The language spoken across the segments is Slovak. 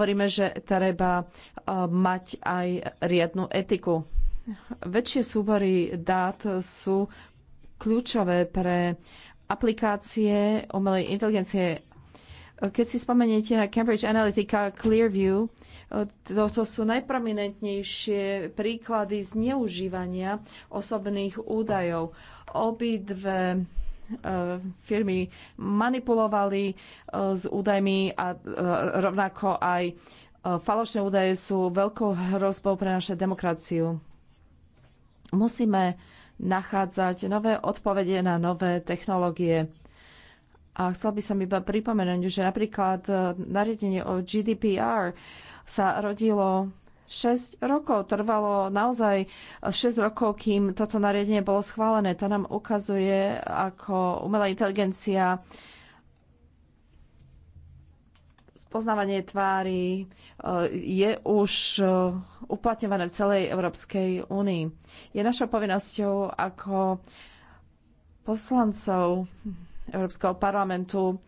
hovoríme, že treba eh, mať aj riadnu etiku. Väčšie súbory dát sú kľúčové pre aplikácie umelej inteligencie. Keď si spomeniete na Cambridge Analytica, Clearview, toto eh, sú najprominentnejšie príklady zneužívania osobných údajov. Obidve E, firmy manipulovali e, s údajmi a e, rovnako aj falošné údaje sú veľkou hrozbou pre našu demokraciu. Musíme nachádzať nové odpovede na nové technológie. A chcel by som iba pripomenúť, že napríklad nariadenie o GDPR sa rodilo 6 rokov. Trvalo naozaj 6 rokov, kým toto nariadenie bolo schválené. To nám ukazuje, ako umelá inteligencia spoznávanie tvári eh, je už eh, uplatňované v celej Európskej únii. Je našou povinnosťou ako poslancov Európskeho parlamentu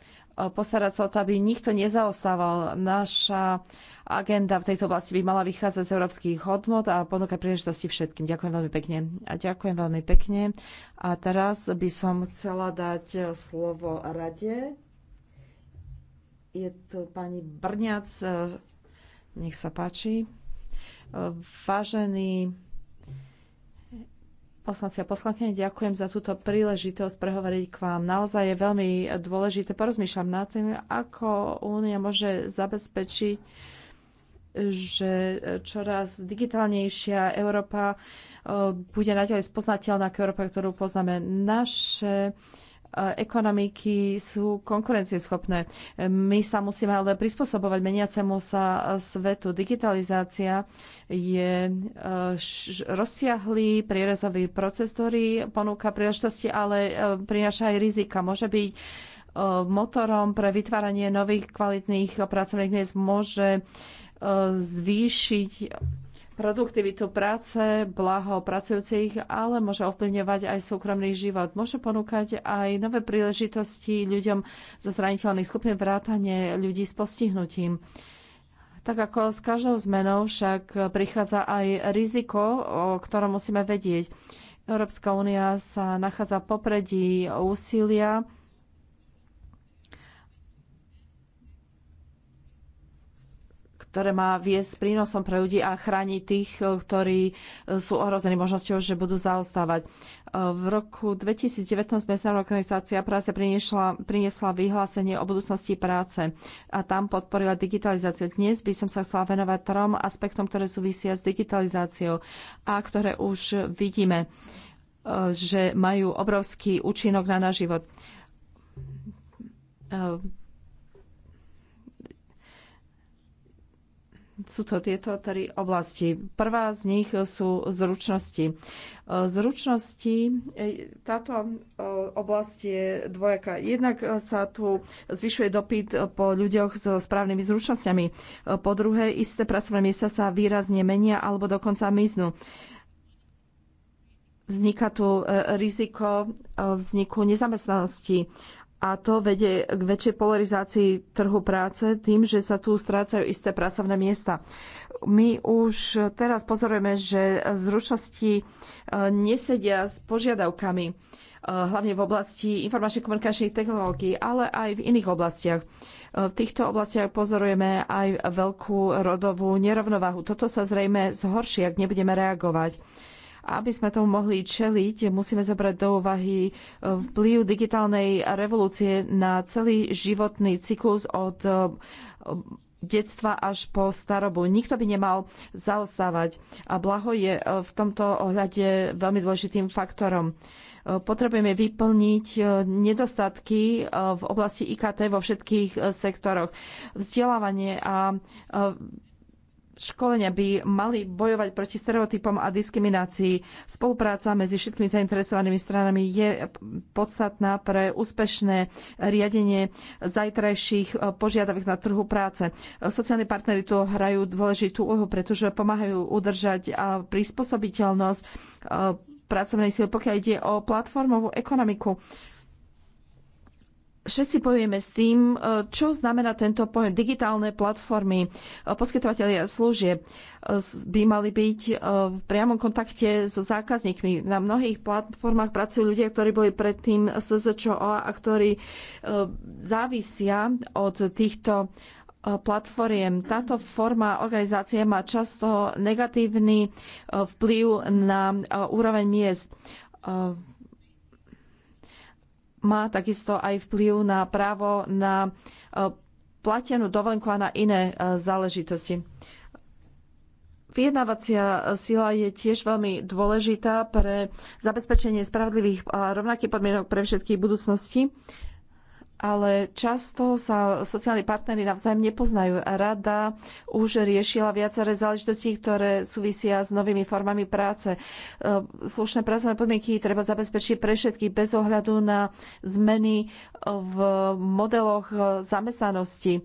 E, postarať sa o to, aby nikto nezaostával. Naša agenda v tejto oblasti by mala vychádzať z európskych hodnot a ponúkať príležitosti všetkým. Ďakujem veľmi pekne. A ďakujem veľmi pekne. A teraz by som chcela dať slovo rade. Je tu pani Brňac. E, nech sa páči. E, vážený Poslanci a poslankyne, ďakujem za túto príležitosť prehovoriť k vám. Naozaj je veľmi dôležité. Porozmýšľam nad tým, ako Únia môže zabezpečiť, že čoraz digitálnejšia Európa eh, bude naďalej spoznateľná ako Európa, ktorú poznáme. Naše Eh, ekonomiky sú konkurencieschopné. My sa musíme ale prispôsobovať meniacemu sa eh, svetu. Digitalizácia je eh, rozsiahlý prierezový proces, ktorý ponúka príležitosti, ale prináša aj rizika. Môže byť motorom pre vytváranie nových kvalitných pracovných miest, môže zvýšiť produktivitu práce, blaho pracujúcich, ale môže ovplyvňovať aj súkromný život. Môže ponúkať aj nové príležitosti ľuďom zo zraniteľných skupín vrátane ľudí s postihnutím. Tak ako s každou zmenou však prichádza aj riziko, o ktorom musíme vedieť. Európska únia sa nachádza popredí úsilia ktoré má viesť prínosom pre ľudí a chrániť tých, eh, ktorí eh, sú ohrození možnosťou, že budú zaostávať. Eh, v roku 2019 Medzinárodná organizácia práce priniesla, priniesla vyhlásenie o budúcnosti práce a tam podporila digitalizáciu. Dnes by som sa chcela venovať trom aspektom, ktoré súvisia s digitalizáciou a ktoré už vidíme, že majú obrovský účinok na náš život sú to tieto tri oblasti. Prvá z nich sú zručnosti. Zručnosti, e, táto e, oblasť je dvojaká. Jednak sa tu zvyšuje dopyt po ľuďoch so správnymi zručnosťami. E, po druhé, isté pracovné miesta sa výrazne menia alebo dokonca miznú. Vzniká tu riziko vzniku nezamestnanosti a to vedie k väčšej polarizácii trhu práce tým, že sa tu strácajú isté pracovné miesta. My už teraz pozorujeme, že zručnosti e, nesedia s požiadavkami, e, hlavne v oblasti informačnej komunikačných technológií, ale aj v iných oblastiach. E, v týchto oblastiach pozorujeme aj veľkú rodovú nerovnováhu. Toto sa zrejme zhorší, ak nebudeme reagovať aby sme tomu mohli čeliť, musíme zobrať do úvahy e, vplyv digitálnej revolúcie na celý životný cyklus od e, detstva až po starobu. Nikto by nemal zaostávať. A blaho je e, v tomto ohľade veľmi dôležitým faktorom potrebujeme vyplniť nedostatky v oblasti IKT vo všetkých sektoroch. Vzdelávanie a školenia by mali bojovať proti stereotypom a diskriminácii. Spolupráca medzi všetkými zainteresovanými stranami je podstatná pre úspešné riadenie zajtrajších požiadavek na trhu práce. Sociálni partnery tu hrajú dôležitú úlohu, pretože pomáhajú udržať prispôsobiteľnosť eh, pracovnej síly, pokiaľ ide o platformovú ekonomiku Všetci povieme s tým, e, čo znamená tento pojem. Digitálne platformy, e, poskytovateľia služieb e, by mali byť v priamom kontakte so zákazníkmi. Na mnohých platformách pracujú ľudia, ktorí boli predtým SZČO a ktorí závisia od týchto platformiem. Táto forma organizácie má často negatívny vplyv na úroveň miest má takisto aj vplyv na právo na e, platenú dovolenku a na iné e, záležitosti. Vyjednávacia e, sila je tiež veľmi dôležitá pre zabezpečenie spravodlivých a rovnakých podmienok pre všetky budúcnosti ale často sa sociálni partnery navzájom nepoznajú. Rada už riešila viaceré záležitosti, ktoré súvisia s novými formami práce. E, slušné pracovné podmienky treba zabezpečiť pre všetky bez ohľadu na zmeny v modeloch zamestnanosti.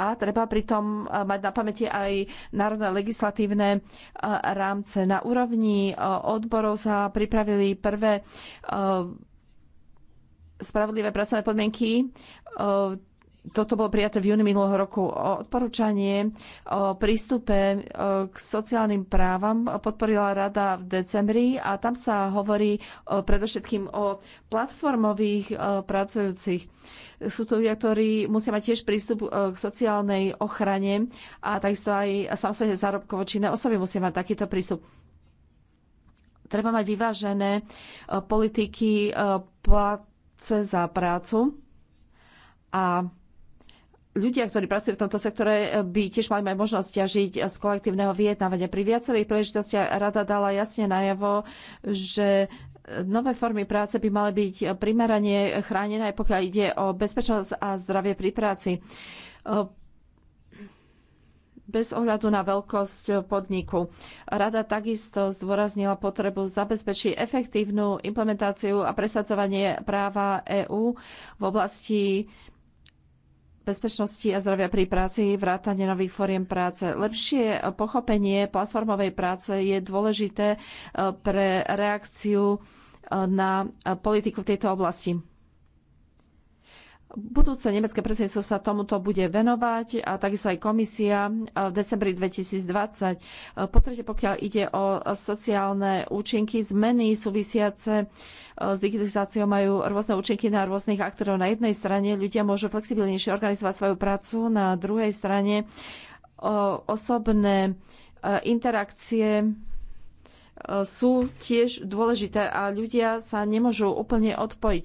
A treba pritom mať na pamäti aj národné legislatívne e, rámce. Na úrovni e, odborov sa pripravili prvé spravodlivé pracovné podmienky. Toto bolo prijaté v júni minulého roku. Odporúčanie o prístupe k sociálnym právam podporila rada v decembri a tam sa hovorí predovšetkým o platformových pracujúcich. Sú to ľudia, ktorí musia mať tiež prístup k sociálnej ochrane a takisto aj samozrejme zárobkovo činné osoby musia mať takýto prístup treba mať vyvážené politiky plat chce za prácu a ľudia, ktorí pracujú v tomto sektore, by tiež mali mať možnosť ťažiť z kolektívneho vyjednávania. Pri viacerých príležitostiach rada dala jasne najavo, že nové formy práce by mali byť primerane chránené, pokiaľ ide o bezpečnosť a zdravie pri práci bez ohľadu na veľkosť podniku. Rada takisto zdôraznila potrebu zabezpečiť efektívnu implementáciu a presadzovanie práva EÚ v oblasti bezpečnosti a zdravia pri práci, vrátanie nových foriem práce. Lepšie pochopenie platformovej práce je dôležité pre reakciu na politiku v tejto oblasti. Budúce nemecké predsedníctvo sa tomuto bude venovať a takisto aj komisia e, v decembri 2020. E, Potrebujete, pokiaľ ide o sociálne účinky, zmeny súvisiace e, s digitalizáciou majú rôzne účinky na rôznych aktorov. Na jednej strane ľudia môžu flexibilnejšie organizovať svoju prácu, na druhej strane osobné interakcie sú tiež dôležité a ľudia sa nemôžu úplne odpojiť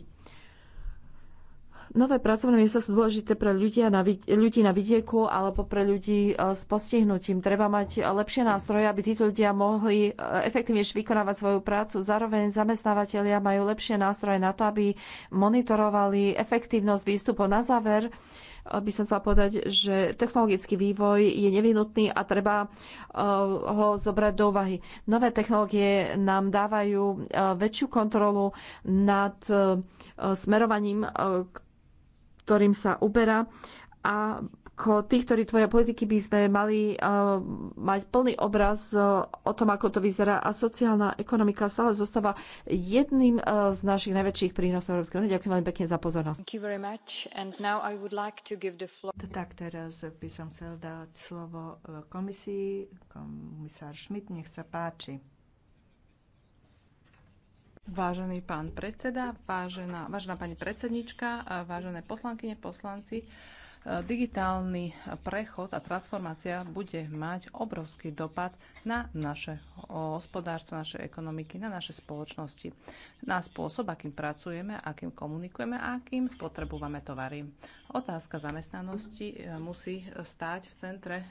Nové pracovné miesta sú dôležité pre ľudia na, ľudí na vidieku alebo pre ľudí e, s postihnutím. Treba mať lepšie nástroje, aby títo ľudia mohli e, efektívnejšie vykonávať svoju prácu. Zároveň zamestnávateľia majú lepšie nástroje na to, aby monitorovali efektívnosť výstupov. Na záver e, by som chcela povedať, že technologický vývoj je nevyhnutný a treba ho zobrať do úvahy. Nové technológie nám dávajú väčšiu kontrolu nad smerovaním, ktorým sa uberá. A ako tí, ktorí tvoria politiky, by sme mali uh, mať plný obraz uh, o tom, ako to vyzerá. A sociálna ekonomika stále zostáva jedným uh, z našich najväčších prínosov Európskej únie. Ďakujem veľmi pekne za pozornosť. Like tak teraz by som chcel dať slovo komisii. Komisár Schmidt, nech sa páči. Vážený pán predseda, vážená, vážená pani predsednička, vážené poslankyne, poslanci, e, digitálny prechod a transformácia bude mať obrovský dopad na naše hospodárstvo, naše ekonomiky, na naše spoločnosti, na spôsob, akým pracujeme, akým komunikujeme a akým spotrebujeme tovary. Otázka zamestnanosti e, musí stáť v centre e,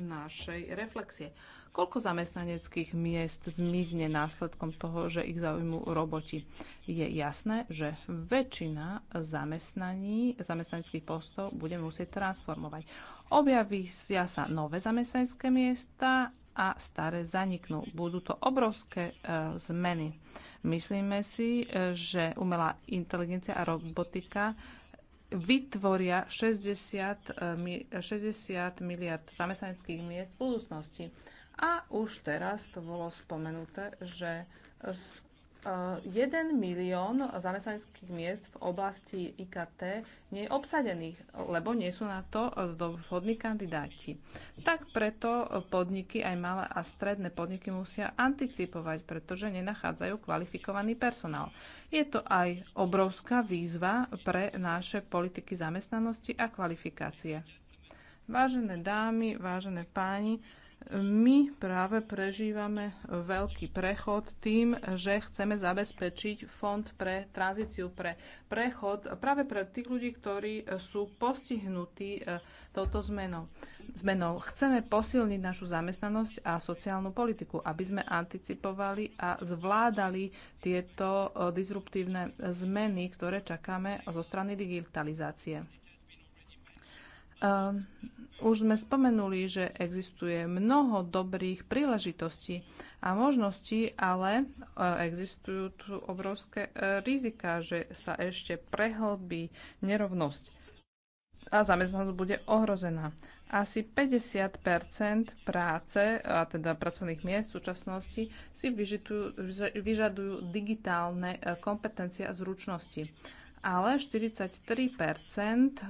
našej reflexie Koľko zamestnaneckých miest zmizne následkom toho, že ich zaujímujú roboti? Je jasné, že väčšina zamestnaní, zamestnaneckých postov bude musieť transformovať. Objavia sa nové zamestnanecké miesta a staré zaniknú. Budú to obrovské e, zmeny. Myslíme si, e, že umelá inteligencia a robotika vytvoria 60, e, 60 miliard zamestnaneckých miest v budúcnosti. A už teraz to bolo spomenuté, že 1 e, milión zamestnaneckých miest v oblasti IKT nie je obsadených, lebo nie sú na to e, vhodní kandidáti. Tak preto podniky, aj malé a stredné podniky musia anticipovať, pretože nenachádzajú kvalifikovaný personál. Je to aj obrovská výzva pre naše politiky zamestnanosti a kvalifikácie. Vážené dámy, vážené páni, my práve prežívame veľký prechod tým, že chceme zabezpečiť fond pre tranzíciu, pre prechod práve pre tých ľudí, ktorí sú postihnutí e, touto zmenou. zmenou. Chceme posilniť našu zamestnanosť a sociálnu politiku, aby sme anticipovali a zvládali tieto e, disruptívne zmeny, ktoré čakáme zo strany digitalizácie. Ehm, už sme spomenuli, že existuje mnoho dobrých príležitostí a možností, ale e, existujú tu obrovské e, rizika, že sa ešte prehlbí nerovnosť a zamestnanosť bude ohrozená. Asi 50 práce, a teda pracovných miest v súčasnosti, si vyžadujú digitálne e, kompetencie a zručnosti ale 43%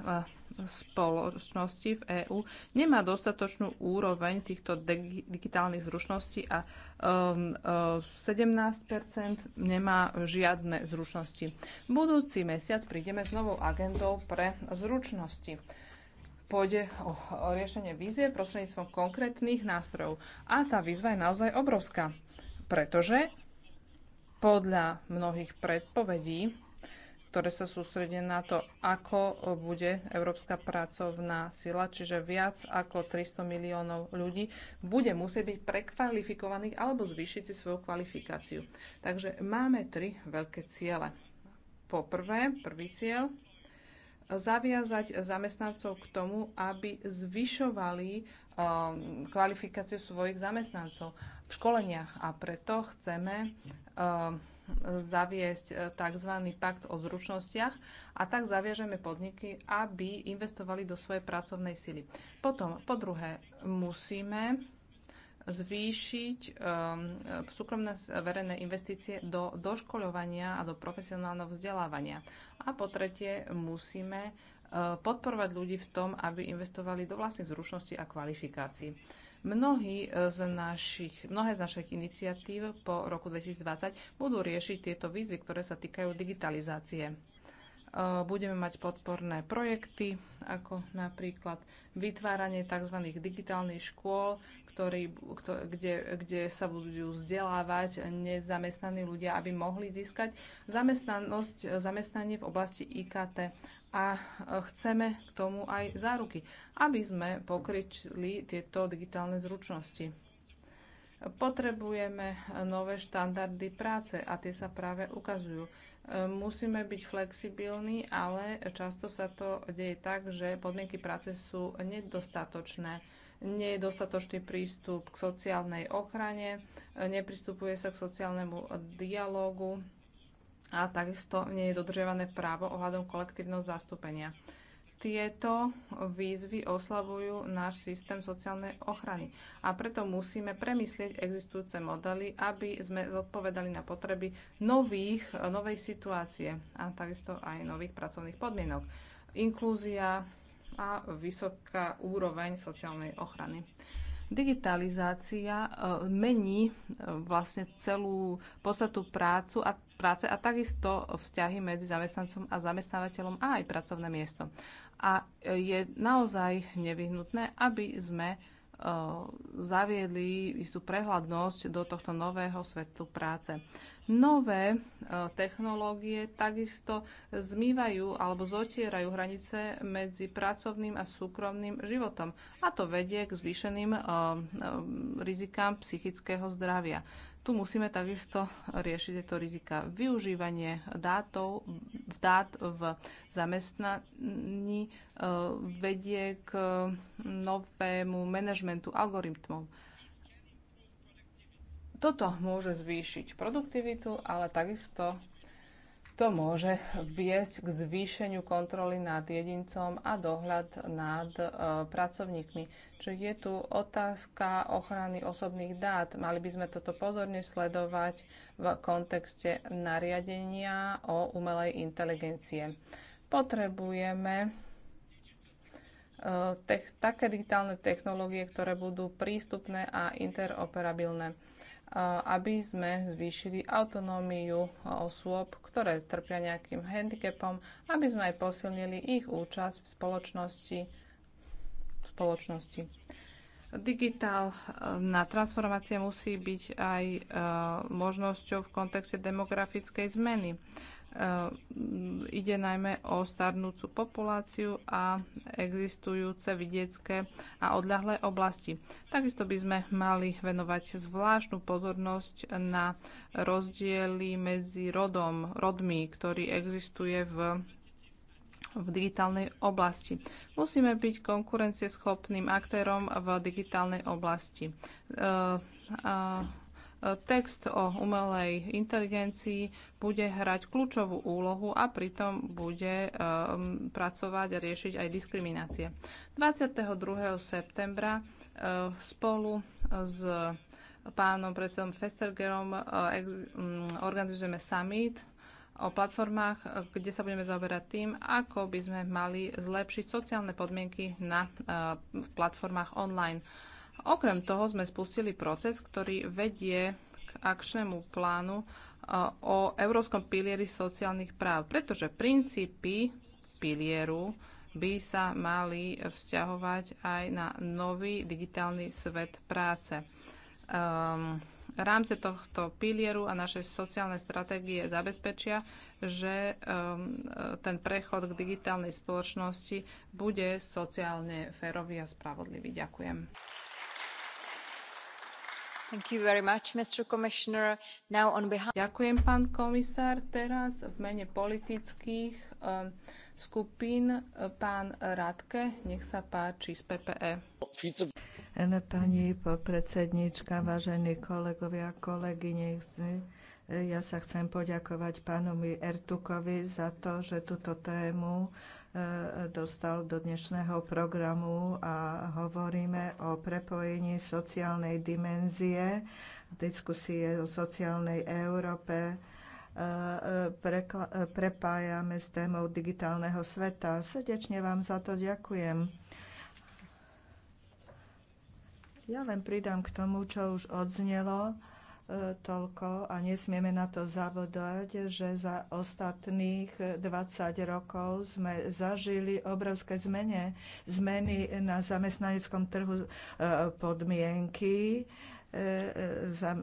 spoločnosti v EÚ nemá dostatočnú úroveň týchto digitálnych zručností a 17 um, uh, nemá žiadne zručnosti. Budúci mesiac prídeme s novou agendou pre zručnosti pôjde o, o riešenie vízie prostredníctvom konkrétnych nástrojov. A tá výzva je naozaj obrovská, pretože podľa mnohých predpovedí ktoré sa sústredia na to, ako bude európska pracovná sila, čiže viac ako 300 miliónov ľudí bude musieť byť prekvalifikovaných alebo zvýšiť si svoju kvalifikáciu. Takže máme tri veľké ciele. Po prvé, prvý cieľ, zaviazať zamestnancov k tomu, aby zvyšovali um, kvalifikáciu svojich zamestnancov v školeniach. A preto chceme um, zaviesť e, tzv. pakt o zručnostiach a tak zaviažeme podniky, aby investovali do svojej pracovnej sily. Potom, po druhé, musíme zvýšiť um, súkromné verejné investície do doškoľovania a do profesionálneho vzdelávania. A po tretie, musíme uh, podporovať ľudí v tom, aby investovali do vlastných zručností a kvalifikácií. Mnohí e, z našich, mnohé z našich iniciatív po roku 2020 budú riešiť tieto výzvy, ktoré sa týkajú digitalizácie. E, budeme mať podporné projekty, ako napríklad vytváranie tzv. digitálnych škôl, ktorý, kde, kde sa budú vzdelávať nezamestnaní ľudia, aby mohli získať zamestnanosť, e, zamestnanie v oblasti IKT a e, chceme k tomu aj záruky, aby sme pokryčili tieto digitálne zručnosti. Potrebujeme e, nové štandardy práce a tie sa práve ukazujú. E, musíme byť flexibilní, ale často sa to deje tak, že podmienky práce sú nedostatočné. Nie je dostatočný prístup k sociálnej ochrane, nepristupuje sa k sociálnemu dialógu a takisto nie je dodržiavané právo ohľadom kolektívneho zastúpenia. Tieto výzvy oslavujú náš systém sociálnej ochrany a preto musíme premyslieť existujúce modely, aby sme zodpovedali na potreby nových, novej situácie a takisto aj nových pracovných podmienok. Inklúzia a vysoká úroveň sociálnej ochrany. Digitalizácia e, mení e, vlastne celú podstatu prácu a práce a takisto vzťahy medzi zamestnancom a zamestnávateľom a aj pracovné miesto. A e, je naozaj nevyhnutné, aby sme e, zaviedli istú prehľadnosť do tohto nového svetu práce. Nové e, technológie takisto zmývajú alebo zotierajú hranice medzi pracovným a súkromným životom a to vedie k zvýšeným rizikám psychického zdravia. Tu musíme takisto riešiť tieto rizika. Využívanie dátov, dát v zamestnaní e, vedie k novému manažmentu algoritmov. Toto môže zvýšiť produktivitu, ale takisto to môže viesť k zvýšeniu kontroly nad jedincom a dohľad nad e, pracovníkmi. Čiže je tu otázka ochrany osobných dát. Mali by sme toto pozorne sledovať v kontexte nariadenia o umelej inteligencie. Potrebujeme e, tech, také digitálne technológie, ktoré budú prístupné a interoperabilné aby sme zvýšili autonómiu osôb, ktoré trpia nejakým handicapom, aby sme aj posilnili ich účasť v spoločnosti. V spoločnosti. Digitálna transformácia musí byť aj možnosťou v kontexte demografickej zmeny. Eh, ide najmä o starnúcu populáciu a existujúce vidiecké a odľahlé oblasti. Takisto by sme mali venovať zvláštnu pozornosť na rozdiely medzi rodom, rodmi, ktorý existuje v v digitálnej oblasti. Musíme byť konkurencieschopným aktérom v digitálnej oblasti. Uh, uh, Text o umelej inteligencii bude hrať kľúčovú úlohu a pritom bude um, pracovať a riešiť aj diskriminácie. 22. septembra uh, spolu s pánom predsedom Festergerom uh, um, organizujeme summit o platformách, uh, kde sa budeme zaoberať tým, ako by sme mali zlepšiť sociálne podmienky na uh, platformách online. Okrem toho sme spustili proces, ktorý vedie k akčnému plánu o Európskom pilieri sociálnych práv, pretože princípy pilieru by sa mali vzťahovať aj na nový digitálny svet práce. Um, rámce tohto pilieru a naše sociálne stratégie zabezpečia, že um, ten prechod k digitálnej spoločnosti bude sociálne férový a spravodlivý. Ďakujem. Ďakujem, pán komisár. Teraz v mene politických um, skupín pán Radke, nech sa páči z PPE. Pani predsednička, vážení kolegovia a kolegyne, ja sa chcem poďakovať pánovi Ertukovi za to, že túto tému E, dostal do dnešného programu a hovoríme o prepojení sociálnej dimenzie, diskusie o sociálnej Európe, e, e, prepájame s témou digitálneho sveta. Srdečne vám za to ďakujem. Ja len pridám k tomu, čo už odznelo. E, toľko a nesmieme na to zavodať, že za ostatných 20 rokov sme zažili obrovské zmene, zmeny na zamestnaneckom trhu e, podmienky, E, e,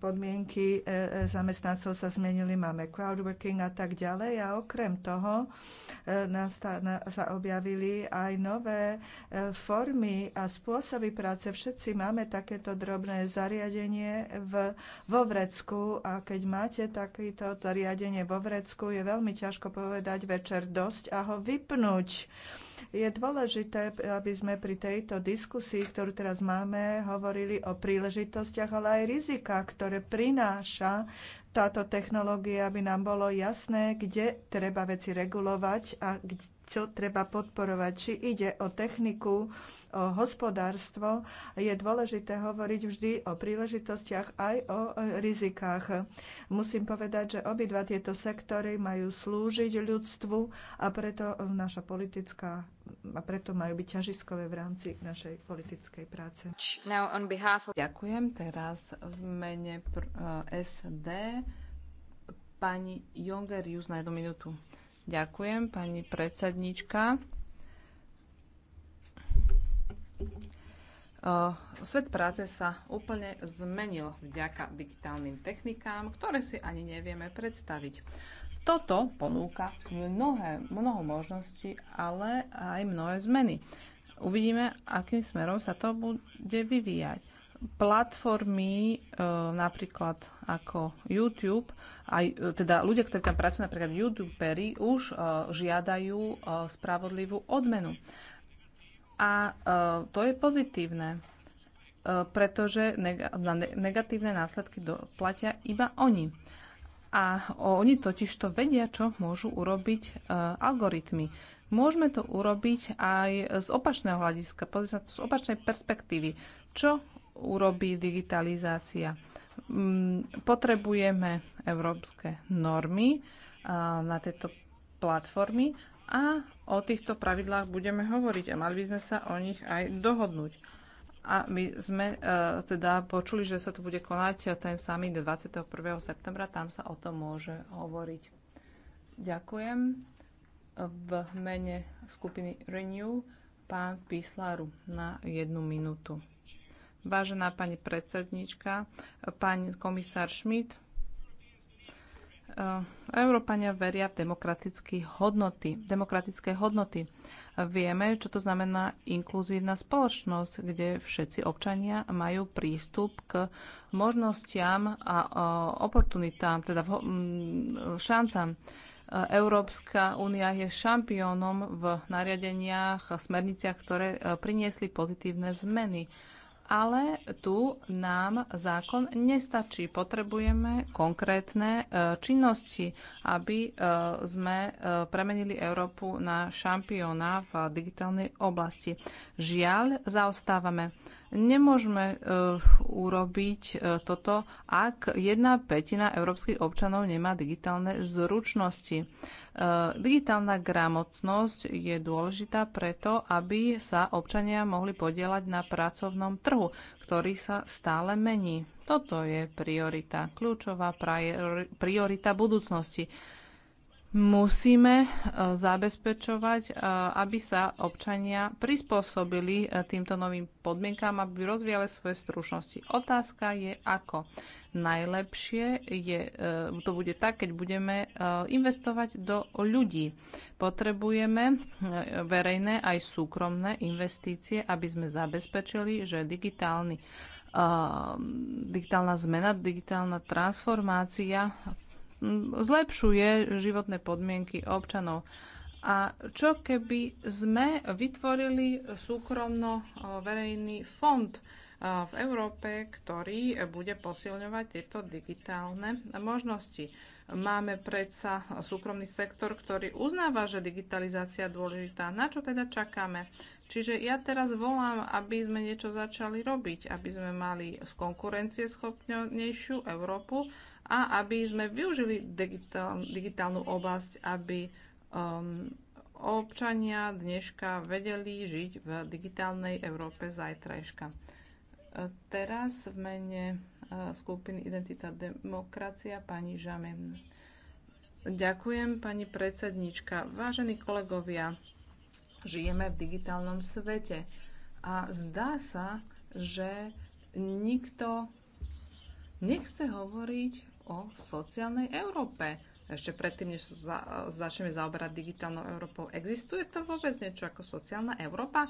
podmienky e, zamestnancov sa zmenili, máme crowdworking a tak ďalej a okrem toho sa objavili aj nové formy a spôsoby práce. Všetci máme takéto drobné zariadenie v, vo vrecku a keď máte takéto zariadenie vo vrecku, je veľmi ťažko povedať večer dosť a ho vypnúť. Je dôležité, aby sme pri tejto diskusii, ktorú teraz máme, hovorili o príležitostiach, ale aj rizikách, ktoré prináša táto technológia, aby nám bolo jasné, kde treba veci regulovať a kde čo treba podporovať. Či ide o techniku, o hospodárstvo, je dôležité hovoriť vždy o príležitostiach aj o e, rizikách. Musím povedať, že obidva tieto sektory majú slúžiť ľudstvu a preto naša politická a preto majú byť ťažiskové v rámci našej politickej práce. Of... Ďakujem teraz v mene e, SD pani Jonger Jus na jednu minútu. Ďakujem, pani predsednička. Svet práce sa úplne zmenil vďaka digitálnym technikám, ktoré si ani nevieme predstaviť. Toto ponúka mnohé, mnoho možností, ale aj mnohé zmeny. Uvidíme, akým smerom sa to bude vyvíjať platformy, e, napríklad ako YouTube, aj, e, teda ľudia, ktorí tam pracujú, napríklad YouTuberi, už e, žiadajú spravodlivú odmenu. A to je pozitívne, pretože negatívne následky platia iba oni. A oni totiž to vedia, čo môžu urobiť algoritmy. Môžeme to urobiť aj z opačného hľadiska, z opačnej perspektívy. Čo urobí digitalizácia. Mm, potrebujeme európske normy na tieto platformy a o týchto pravidlách budeme hovoriť a mali by sme sa o nich aj dohodnúť. A my sme uh, teda počuli, že sa tu bude konať ten summit 21. septembra, tam sa o tom môže hovoriť. Ďakujem. V mene skupiny Renew pán píslaru na jednu minútu. Vážená pani predsedníčka, pán komisár Schmidt, eh, Európania veria v demokratické hodnoty, demokratické hodnoty. Vieme, čo to znamená inkluzívna spoločnosť, kde všetci občania majú prístup k možnostiam a oportunitám, teda šancám. Európska únia je šampiónom v nariadeniach a smerniciach, ktoré eh, priniesli pozitívne zmeny ale tu nám zákon nestačí. Potrebujeme konkrétne e, činnosti, aby e, sme e, premenili Európu na šampióna v digitálnej oblasti. Žiaľ, zaostávame. Nemôžeme eh, urobiť eh, toto, ak jedna petina európskych občanov nemá digitálne zručnosti. Eh, digitálna gramotnosť je dôležitá preto, aby sa občania mohli podielať na pracovnom trhu, ktorý sa stále mení. Toto je priorita, kľúčová priorita budúcnosti musíme e, zabezpečovať, e, aby sa občania prispôsobili e, týmto novým podmienkám, aby rozvíjali svoje stručnosti. Otázka je ako. Najlepšie je, to bude tak, keď budeme investovať do ľudí. Potrebujeme verejné aj súkromné investície, aby sme zabezpečili, že digitálny digitálna zmena, digitálna transformácia zlepšuje životné podmienky občanov. A čo keby sme vytvorili súkromno-verejný fond eh, v Európe, ktorý bude posilňovať tieto digitálne možnosti? Máme predsa súkromný sektor, ktorý uznáva, že digitalizácia je dôležitá. Na čo teda čakáme? Čiže ja teraz volám, aby sme niečo začali robiť, aby sme mali konkurencieschopnejšiu Európu, a aby sme využili digitál, digitálnu oblasť, aby um, občania dneška vedeli žiť v digitálnej Európe zajtrajška. E, teraz v mene e, skupiny Identita demokracia pani Žamen. Ďakujem, pani predsednička. Vážení kolegovia, žijeme v digitálnom svete a zdá sa, že nikto nechce hovoriť o sociálnej Európe. Ešte predtým, než za, začneme zaoberať digitálnou Európou, existuje to vôbec niečo ako sociálna Európa?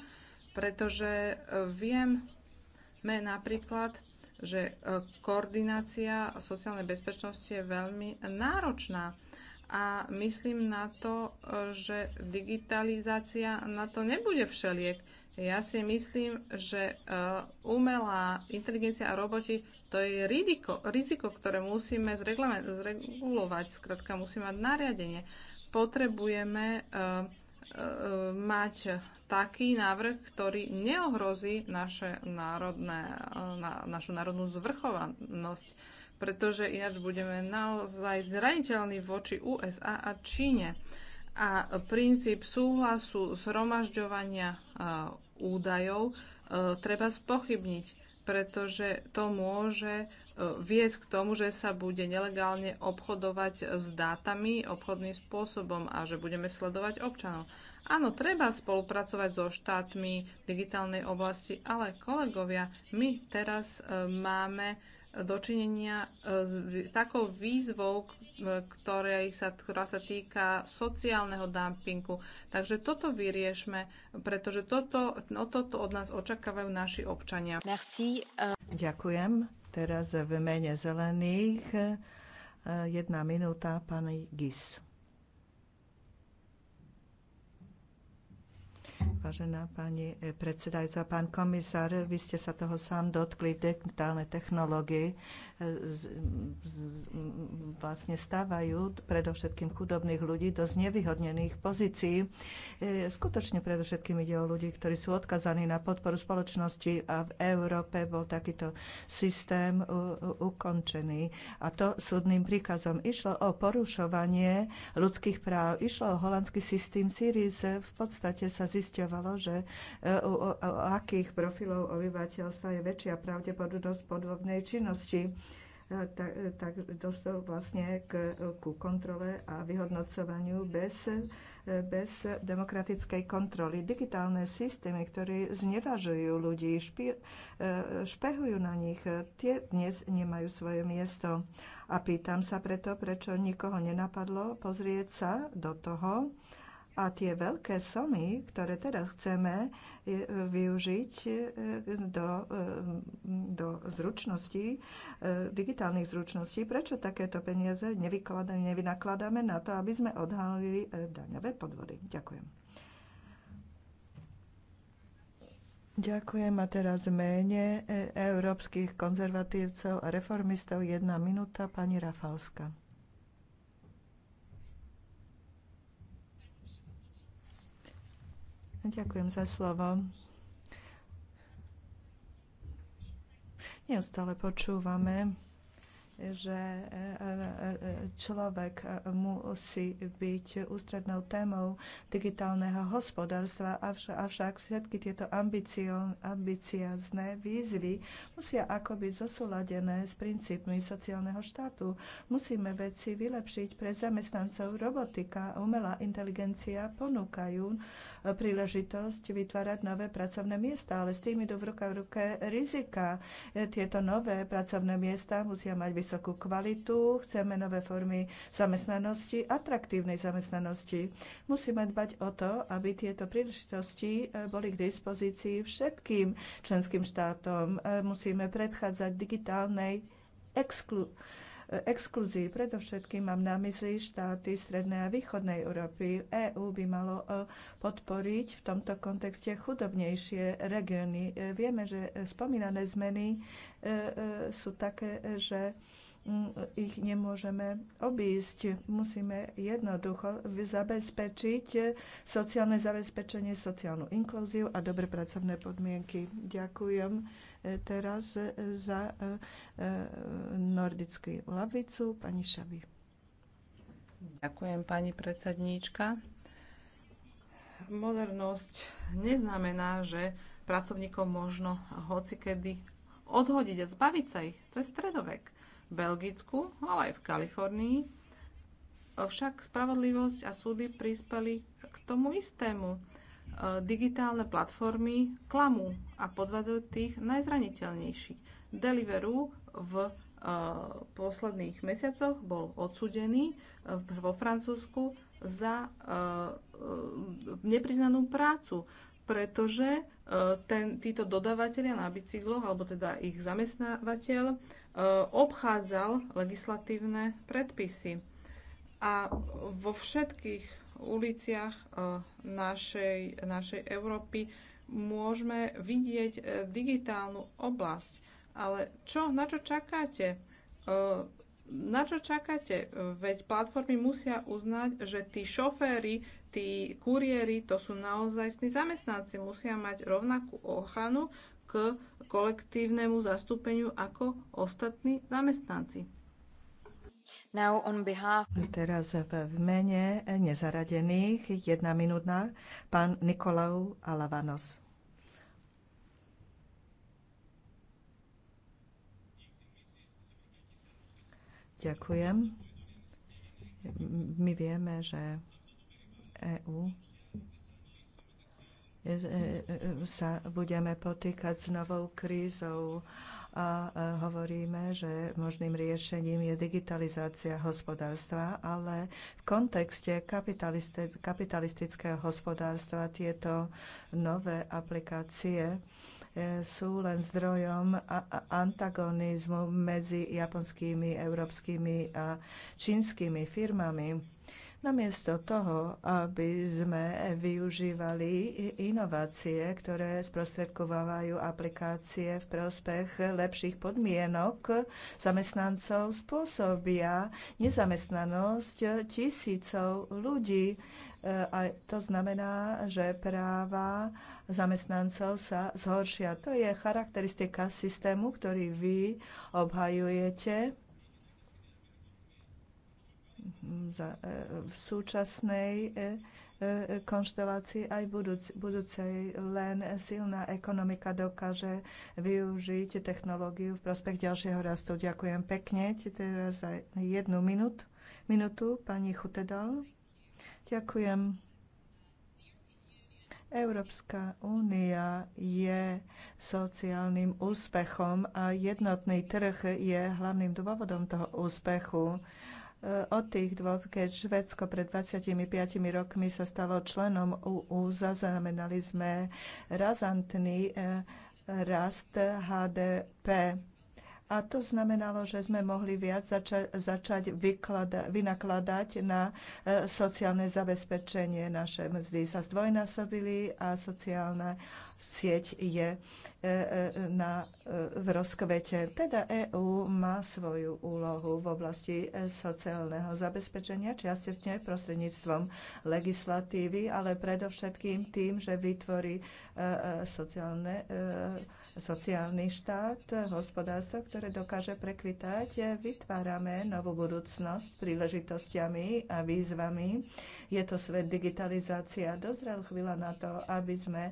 Pretože e, viem, napríklad, že e, koordinácia sociálnej bezpečnosti je veľmi náročná a myslím na to, e, že digitalizácia na to nebude všeliek ja si myslím, že e, umelá inteligencia a roboti to je riziko, riziko ktoré musíme zregulovať. zkrátka musíme mať nariadenie. Potrebujeme e, e, mať taký návrh, ktorý neohrozí naše národné, na, našu národnú zvrchovanosť, pretože ináč budeme naozaj zraniteľní voči USA a Číne. Uh, a princíp súhlasu zhromažďovania e, údajov e, treba spochybniť, pretože to môže e, viesť k tomu, že sa bude nelegálne obchodovať s dátami obchodným spôsobom a že budeme sledovať občanov. Áno, treba spolupracovať so štátmi digitálnej oblasti, ale kolegovia, my teraz máme dočinenia e, s takou výzvou, e, ktorej sa, ktorá sa týka sociálneho dumpingu. Takže toto vyriešme, pretože toto, no toto od nás očakávajú naši občania. Merci. E. Ďakujem. Teraz v mene zelených jedna minúta, pani Gis. Vážená pani e, predsedajúca, pán komisár, vy ste sa toho sám dotkli, digitálne technológie e, vlastne stávajú predovšetkým chudobných ľudí do znevýhodnených pozícií. E, skutočne predovšetkým ide o ľudí, ktorí sú odkazaní na podporu spoločnosti a v Európe bol takýto systém ukončený. A to súdnym príkazom. Išlo o porušovanie ľudských práv, išlo o holandský systém Syrize. V podstate sa zistilo, zisťovalo, že e, u akých profilov obyvateľstva je väčšia pravdepodobnosť podvodnej činnosti e, e, tak, tak dostal vlastne k, ku kontrole a vyhodnocovaniu bez, bez demokratickej kontroly. Digitálne systémy, ktoré znevažujú ľudí, špi, špehujú na nich, tie dnes nemajú svoje miesto. A pýtam sa preto, prečo nikoho nenapadlo pozrieť sa do toho, a tie veľké sumy, ktoré teraz chceme e, využiť e, do, e, do zručností, digitálnych zručností, prečo takéto peniaze nevykladáme, nevynakladáme na to, aby sme odhalili daňové podvody? Ďakujem. Ďakujem a teraz mene európskych konzervatívcov a reformistov jedna minúta pani Rafalska. Ďakujem za slovo. Neustále počúvame že e, e, e, človek musí byť ústrednou témou digitálneho hospodárstva, avšak všetky tieto ambiciozne výzvy musia ako byť zosúladené s princípmi sociálneho štátu. Musíme veci vylepšiť pre zamestnancov. Robotika, umelá inteligencia ponúkajú príležitosť vytvárať nové pracovné miesta, ale s tým idú v ruka v ruke rizika. Tieto nové pracovné miesta musia mať vysokú vysokú kvalitu, chceme nové formy zamestnanosti, atraktívnej zamestnanosti. Musíme dbať o to, aby tieto príležitosti e, boli k dispozícii všetkým členským štátom. E, musíme predchádzať digitálnej exklu- exkluzí. Predovšetkým mám na mysli štáty Strednej a Východnej Európy. EÚ by malo e, podporiť v tomto kontexte chudobnejšie regióny. E, vieme, že spomínané zmeny e, sú také, že mm, ich nemôžeme obísť. Musíme jednoducho zabezpečiť sociálne zabezpečenie, sociálnu inklúziu a dobre pracovné podmienky. Ďakujem teraz za e, e, nordickú lavicu pani Šavi. Ďakujem, pani predsedníčka. Modernosť neznamená, že pracovníkov možno hocikedy odhodiť a zbaviť sa ich. To je stredovek. V Belgicku, ale aj v Kalifornii. Však spravodlivosť a súdy prispeli k tomu istému. E, digitálne platformy klamú a podvádzajú tých najzraniteľnejších. Deliveroo v e, posledných mesiacoch bol odsudený e, vo Francúzsku za nepriznanú prácu, pretože ten, títo dodávateľia na bicykloch, alebo teda ich zamestnávateľ, obchádzal legislatívne predpisy. A vo všetkých uliciach eh, našej, našej Európy môžeme vidieť eh, digitálnu oblasť. Ale čo, na čo čakáte? Eh, na čo čakáte? Veď platformy musia uznať, že tí šoféry, tí kuriéri, to sú naozaj zamestnanci, musia mať rovnakú ochranu k kolektívnemu zastúpeniu ako ostatní zamestnanci. Now on Behalf... Teraz v mene nezaradených jedna minúta pán Nikolau Alavanos. Ďakujem. My vieme, že EU e, e, e, sa budeme potýkať s novou krízou a e, hovoríme, že možným riešením je digitalizácia hospodárstva, ale v kontekste kapitalistického hospodárstva tieto nové aplikácie e, sú len zdrojom antagonizmu medzi japonskými, európskymi a čínskymi firmami Namiesto toho, aby sme využívali inovácie, ktoré sprostredkovávajú aplikácie v prospech lepších podmienok zamestnancov, spôsobia nezamestnanosť tisícov ľudí. E, a to znamená, že práva zamestnancov sa zhoršia. To je charakteristika systému, ktorý vy obhajujete E, v súčasnej e, e, konštelácii aj budúcej. Len silná ekonomika dokáže využiť technológiu v prospech ďalšieho rastu. Ďakujem pekne. Teraz za jednu minút, minútu pani Chutedal. Ďakujem. Európska únia je sociálnym úspechom a jednotný trh je hlavným dôvodom toho úspechu. E, od tých dvoch, keď Švedsko pred 25 rokmi sa stalo členom EU, zaznamenali sme razantný e, rast HDP. A to znamenalo, že sme mohli viac zača- začať vyklada- vynakladať na e, sociálne zabezpečenie. Naše mzdy sa zdvojnásobili a sociálne sieť je e, e, na, e, v rozkvete. Teda EÚ má svoju úlohu v oblasti sociálneho zabezpečenia, čiastečne prostredníctvom legislatívy, ale predovšetkým tým, že vytvorí sociálne, sociálny štát, hospodárstvo, ktoré dokáže prekvitať. Vytvárame novú budúcnosť príležitostiami a výzvami je to svet digitalizácia. Dozrel chvíľa na to, aby sme e,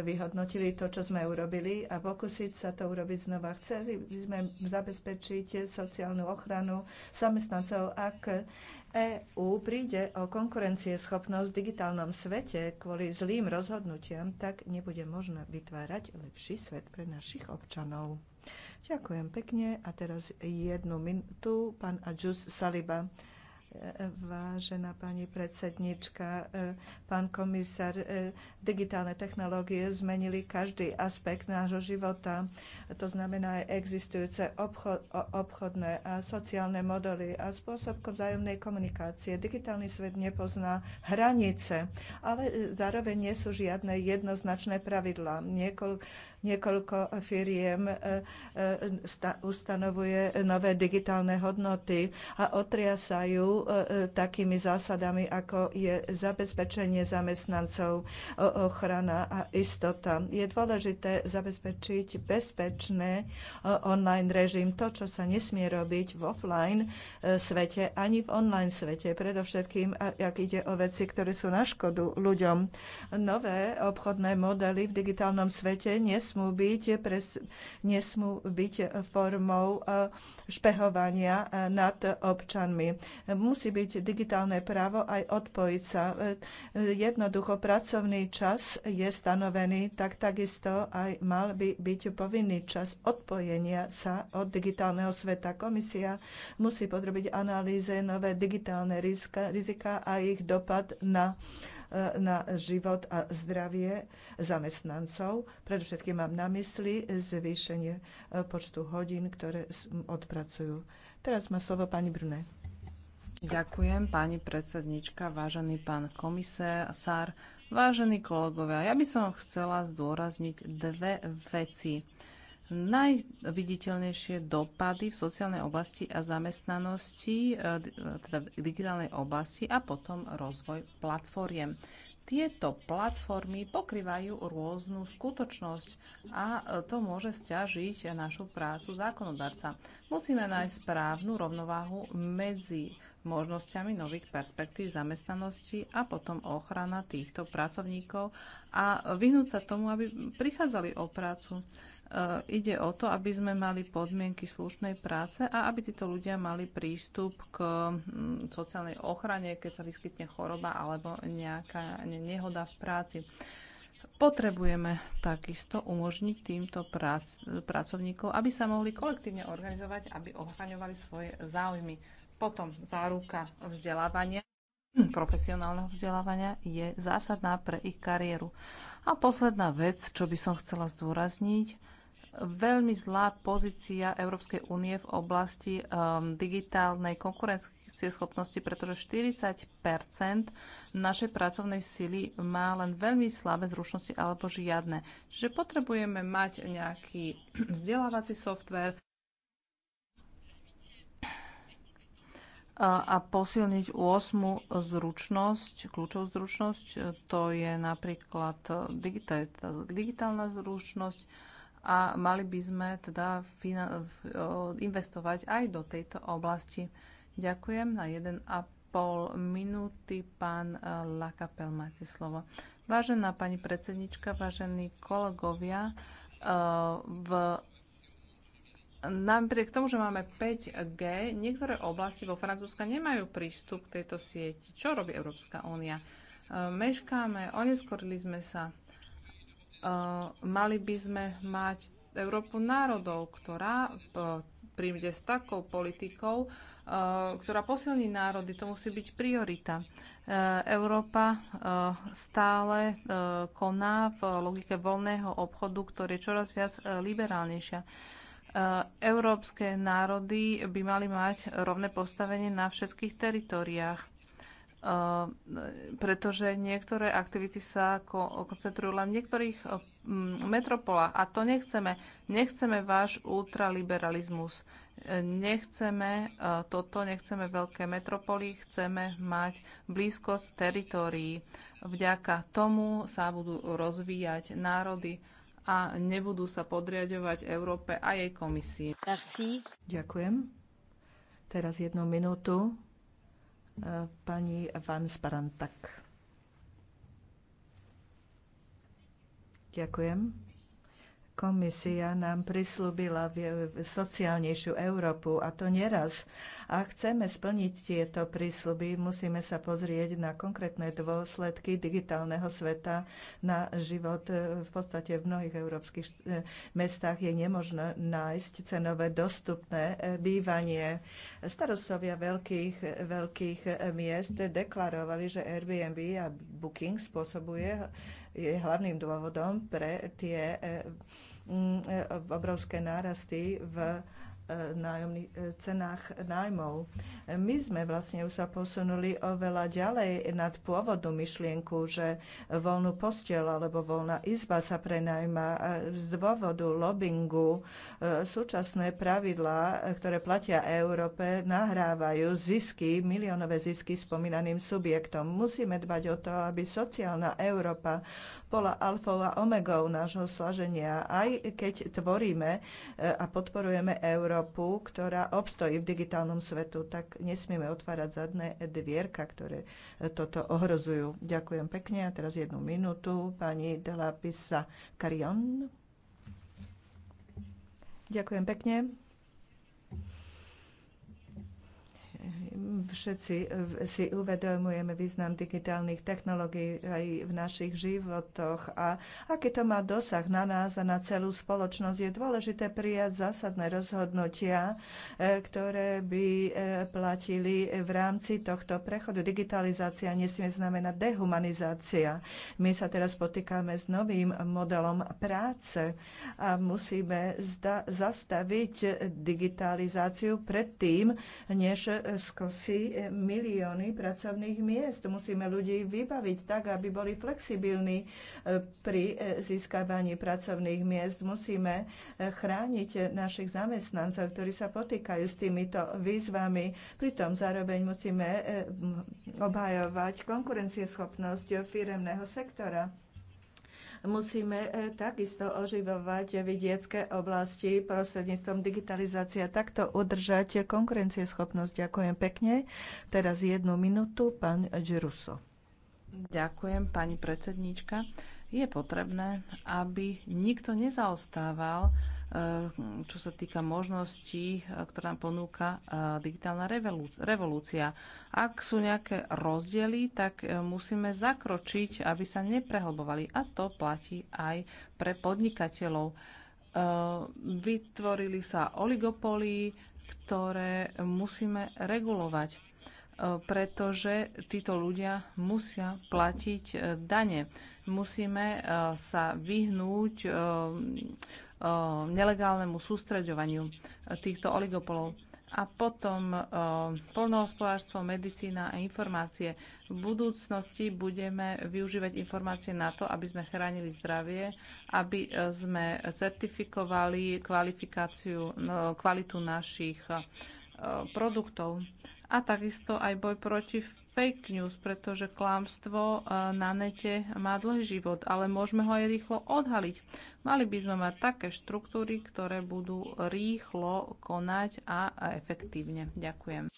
vyhodnotili to, čo sme urobili a pokúsiť sa to urobiť znova. Chceli by sme zabezpečiť sociálnu ochranu zamestnancov, ak EÚ príde o konkurencieschopnosť v digitálnom svete kvôli zlým rozhodnutiam, tak nebude možné vytvárať lepší svet pre našich občanov. Ďakujem pekne a teraz jednu minútu pán Adjus Saliba. Vážená pani predsednička, e, pán komisár, e, digitálne technológie zmenili každý aspekt nášho života. To znamená aj existujúce obchod, obchodné a sociálne modely a spôsob vzájomnej komunikácie. Digitálny svet nepozná hranice, ale e, zároveň nie sú žiadne jednoznačné pravidlá. Niekoľ, niekoľko firiem ustanovuje nové digitálne hodnoty a otriasajú E, e, takými zásadami, ako je zabezpečenie zamestnancov, ochrana a istota. Je dôležité zabezpečiť bezpečné online režim, to, čo sa nesmie robiť v offline e, svete ani v online svete, predovšetkým ak ide o veci, ktoré sú na škodu ľuďom. Nové obchodné modely v digitálnom svete nesmú byť, pres, nesmú byť formou špehovania nad občanmi. Musí musí byť digitálne právo aj odpojiť sa. E, jednoducho pracovný čas je stanovený, tak takisto aj mal by byť povinný čas odpojenia sa od digitálneho sveta. Komisia musí podrobiť analýze nové digitálne rizika, rizika a ich dopad na e, na život a zdravie zamestnancov. Predovšetkým mám na mysli zvýšenie e, počtu hodín, ktoré odpracujú. Teraz má slovo pani Brune. Ďakujem, pani predsednička, vážený pán komisár, vážení kolegovia. Ja by som chcela zdôrazniť dve veci. Najviditeľnejšie dopady v sociálnej oblasti a zamestnanosti, e, teda v digitálnej oblasti a potom rozvoj platformiem. Tieto platformy pokrývajú rôznu skutočnosť a e, to môže stiažiť našu prácu zákonodarca. Musíme nájsť správnu rovnováhu medzi možnosťami nových perspektív zamestnanosti a potom ochrana týchto pracovníkov a vyhnúť sa tomu, aby prichádzali o prácu. E, ide o to, aby sme mali podmienky slušnej práce a aby títo ľudia mali prístup k sociálnej ochrane, keď sa vyskytne choroba alebo nejaká nehoda v práci. Potrebujeme takisto umožniť týmto prac, aby sa mohli kolektívne organizovať, aby ochraňovali svoje záujmy. Potom záruka vzdelávania, profesionálneho vzdelávania je zásadná pre ich kariéru. A posledná vec, čo by som chcela zdôrazniť, veľmi zlá pozícia Európskej únie v oblasti um, digitálnej konkurencieschopnosti, pretože 40 našej pracovnej sily má len veľmi slabé zručnosti alebo žiadne. Že potrebujeme mať nejaký vzdelávací software, a posilniť 8. zručnosť, kľúčovú zručnosť, e, to je napríklad e, digitálna zručnosť a mali by sme teda e, investovať aj do tejto oblasti. Ďakujem na 1,5 minúty. Pán Lakapel, máte slovo. Vážená pani predsednička, vážení kolegovia, v napriek tomu, že máme 5G, niektoré oblasti vo Francúzska nemajú prístup k tejto sieti. Čo robí Európska únia? E, meškáme, oneskorili sme sa. E, mali by sme mať Európu národov, ktorá e, príde s takou politikou, ktorá posilní národy. To musí byť priorita. Európa stále koná v logike voľného obchodu, ktorý je čoraz viac liberálnejšia Eh, európske národy by mali mať rovné postavenie na všetkých teritoriách, eh, pretože niektoré aktivity sa koncentrujú len v niektorých eh, metropolách a to nechceme. Nechceme váš ultraliberalizmus. Nechceme toto, nechceme veľké metropoly, chceme mať blízkosť teritórií. Vďaka tomu sa budú rozvíjať národy a nebudú sa podriadovať Európe a jej komisii. Merci. Ďakujem. Teraz jednu minútu e, pani Van Sparantak. Ďakujem. Komisia nám prislúbila sociálnejšiu Európu a to neraz. A chceme splniť tieto prísľuby, musíme sa pozrieť na konkrétne dôsledky digitálneho sveta na život. V podstate v mnohých európskych eh, mestách je nemožné nájsť cenové dostupné eh, bývanie. Starostovia veľkých, veľkých miest deklarovali, že Airbnb a Booking spôsobuje je hlavným dôvodom pre tie eh, eh, obrovské nárasty v E, nájomných e, cenách nájmov. E, my sme vlastne už sa posunuli oveľa ďalej nad pôvodnú myšlienku, že voľnú postel alebo voľná izba sa prenajma z dôvodu lobbingu. Súčasné pravidlá, ktoré platia Európe, nahrávajú zisky, miliónové zisky spomínaným subjektom. Musíme dbať o to, aby sociálna Európa bola alfou a omegou nášho slaženia, aj keď tvoríme e, a podporujeme Európu, ktorá obstojí v digitálnom svetu, tak nesmieme otvárať zadné dvierka, ktoré e, toto ohrozujú. Ďakujem pekne a teraz jednu minútu pani Delapisa Carion. Ďakujem pekne. Všetci e, si uvedomujeme význam digitálnych technológií aj v našich životoch a aký to má dosah na nás a na celú spoločnosť. Je dôležité prijať zásadné rozhodnutia, e, ktoré by e, platili v rámci tohto prechodu. Digitalizácia nesmie znamenať dehumanizácia. My sa teraz potýkame s novým modelom práce a musíme zastaviť digitalizáciu predtým, než skosí milióny pracovných miest. Musíme ľudí vybaviť tak, aby boli flexibilní e, pri e, získavaní pracovných miest. Musíme e, chrániť našich zamestnancov, ktorí sa potýkajú s týmito výzvami. Pritom zároveň musíme obhajovať konkurencieschopnosť firemného sektora Musíme e, takisto oživovať vidiecké oblasti prostredníctvom a takto udržať konkurencieschopnosť. Ďakujem pekne. Teraz jednu minútu, pán Giruso. Ďakujem, pani predsedníčka je potrebné, aby nikto nezaostával, e, čo sa týka možností, e, ktoré nám ponúka e, digitálna revolúcia. Ak sú nejaké rozdiely, tak musíme zakročiť, aby sa neprehlbovali. A to platí aj pre podnikateľov. Vytvorili sa oligopolí, ktoré musíme regulovať E, pretože títo ľudia musia platiť e, dane. Musíme e, sa vyhnúť nelegálnemu sústreďovaniu týchto oligopolov. A potom polnohospodárstvo, medicína a informácie. V budúcnosti budeme využívať informácie na to, aby sme chránili zdravie, aby sme certifikovali kvalifikáciu, kvalitu našich produktov a takisto aj boj proti fake news, pretože klámstvo e, na nete má dlhý život, ale môžeme ho aj rýchlo odhaliť. Mali by sme mať také štruktúry, ktoré budú rýchlo konať a efektívne. Ďakujem.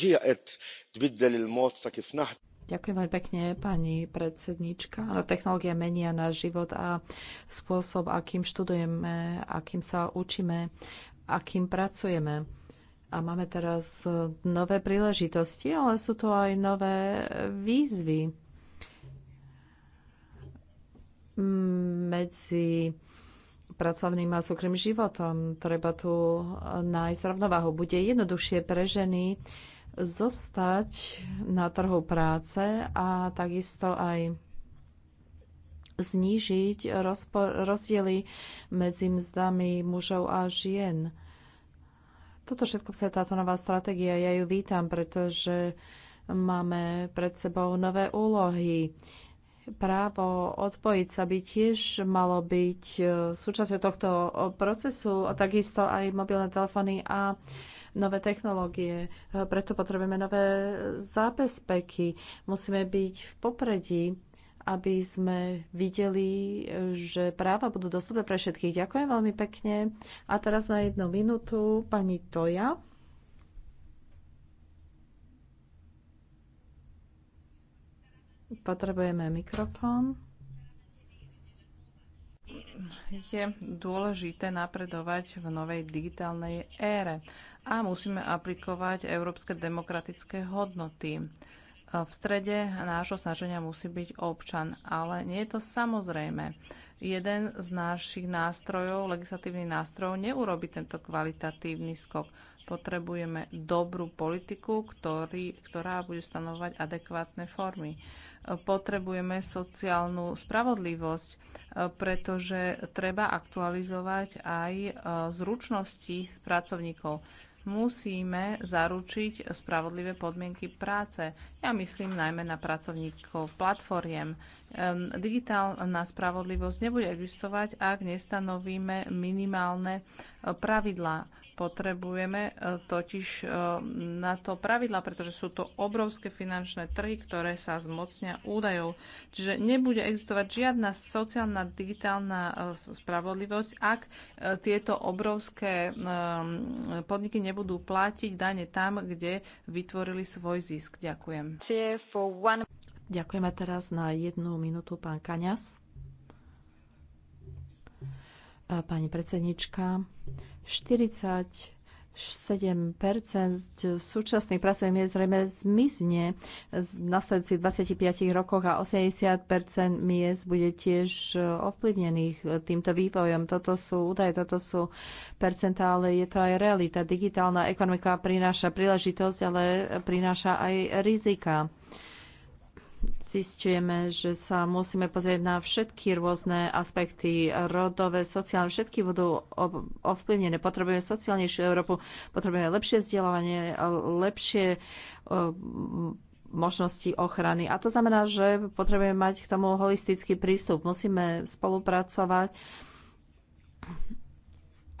تجي تبدل الموت Ďakujem veľmi pekne, pani predsednička. technológia menia náš život a spôsob, akým študujeme, akým sa učíme, akým pracujeme. A máme teraz nové príležitosti, ale sú to aj nové výzvy medzi pracovným a súkromným životom. Treba tu nájsť rovnováhu. Bude jednoduchšie pre ženy zostať na trhu práce a takisto aj znížiť rozdiely medzi mzdami mužov a žien. Toto všetko sa táto nová stratégia, ja ju vítam, pretože máme pred sebou nové úlohy. Právo odpojiť sa by tiež malo byť eh, súčasťou tohto procesu a takisto aj mobilné telefóny a nové technológie, eh, preto potrebujeme nové zábezpeky. Musíme byť v popredí, aby sme videli, eh, že práva budú dostupné pre všetkých. Ďakujem veľmi pekne. A teraz na jednu minútu pani Toja. Potrebujeme mikrofón je dôležité napredovať v novej digitálnej ére a musíme aplikovať európske demokratické hodnoty. V strede nášho snaženia musí byť občan, ale nie je to samozrejme. Jeden z našich nástrojov, legislatívny nástrojov neurobi tento kvalitatívny skok. Potrebujeme dobrú politiku, ktorý, ktorá bude stanovať adekvátne formy potrebujeme sociálnu spravodlivosť, eh, pretože treba aktualizovať aj eh, zručnosti pracovníkov. Musíme zaručiť spravodlivé podmienky práce. Ja myslím najmä na pracovníkov platformiem. Digitálna spravodlivosť nebude existovať, ak nestanovíme minimálne eh, pravidlá Potrebujeme e, totiž e, na to pravidla, pretože sú to obrovské finančné trhy, ktoré sa zmocnia údajov. Čiže nebude existovať žiadna sociálna digitálna e, spravodlivosť, ak tieto obrovské podniky nebudú platiť dane tam, kde vytvorili svoj zisk. Ďakujem. Ďakujeme teraz na jednu minútu pán Kaňas. Pani predsednička, 47% súčasných pracovných miest zrejme zmizne v nasledujúcich 25 rokoch a 80 miest bude tiež ovplyvnených týmto vývojom. Toto sú údaje, toto sú percentá, ale je to aj realita. Digitálna ekonomika prináša príležitosť, ale prináša aj rizika zistujeme, že sa musíme pozrieť na všetky rôzne aspekty, rodové, sociálne, všetky budú ovplyvnené. Potrebujeme sociálnejšiu Európu, potrebujeme lepšie vzdelávanie, lepšie možnosti ochrany. A to znamená, že potrebujeme mať k tomu holistický prístup. Musíme spolupracovať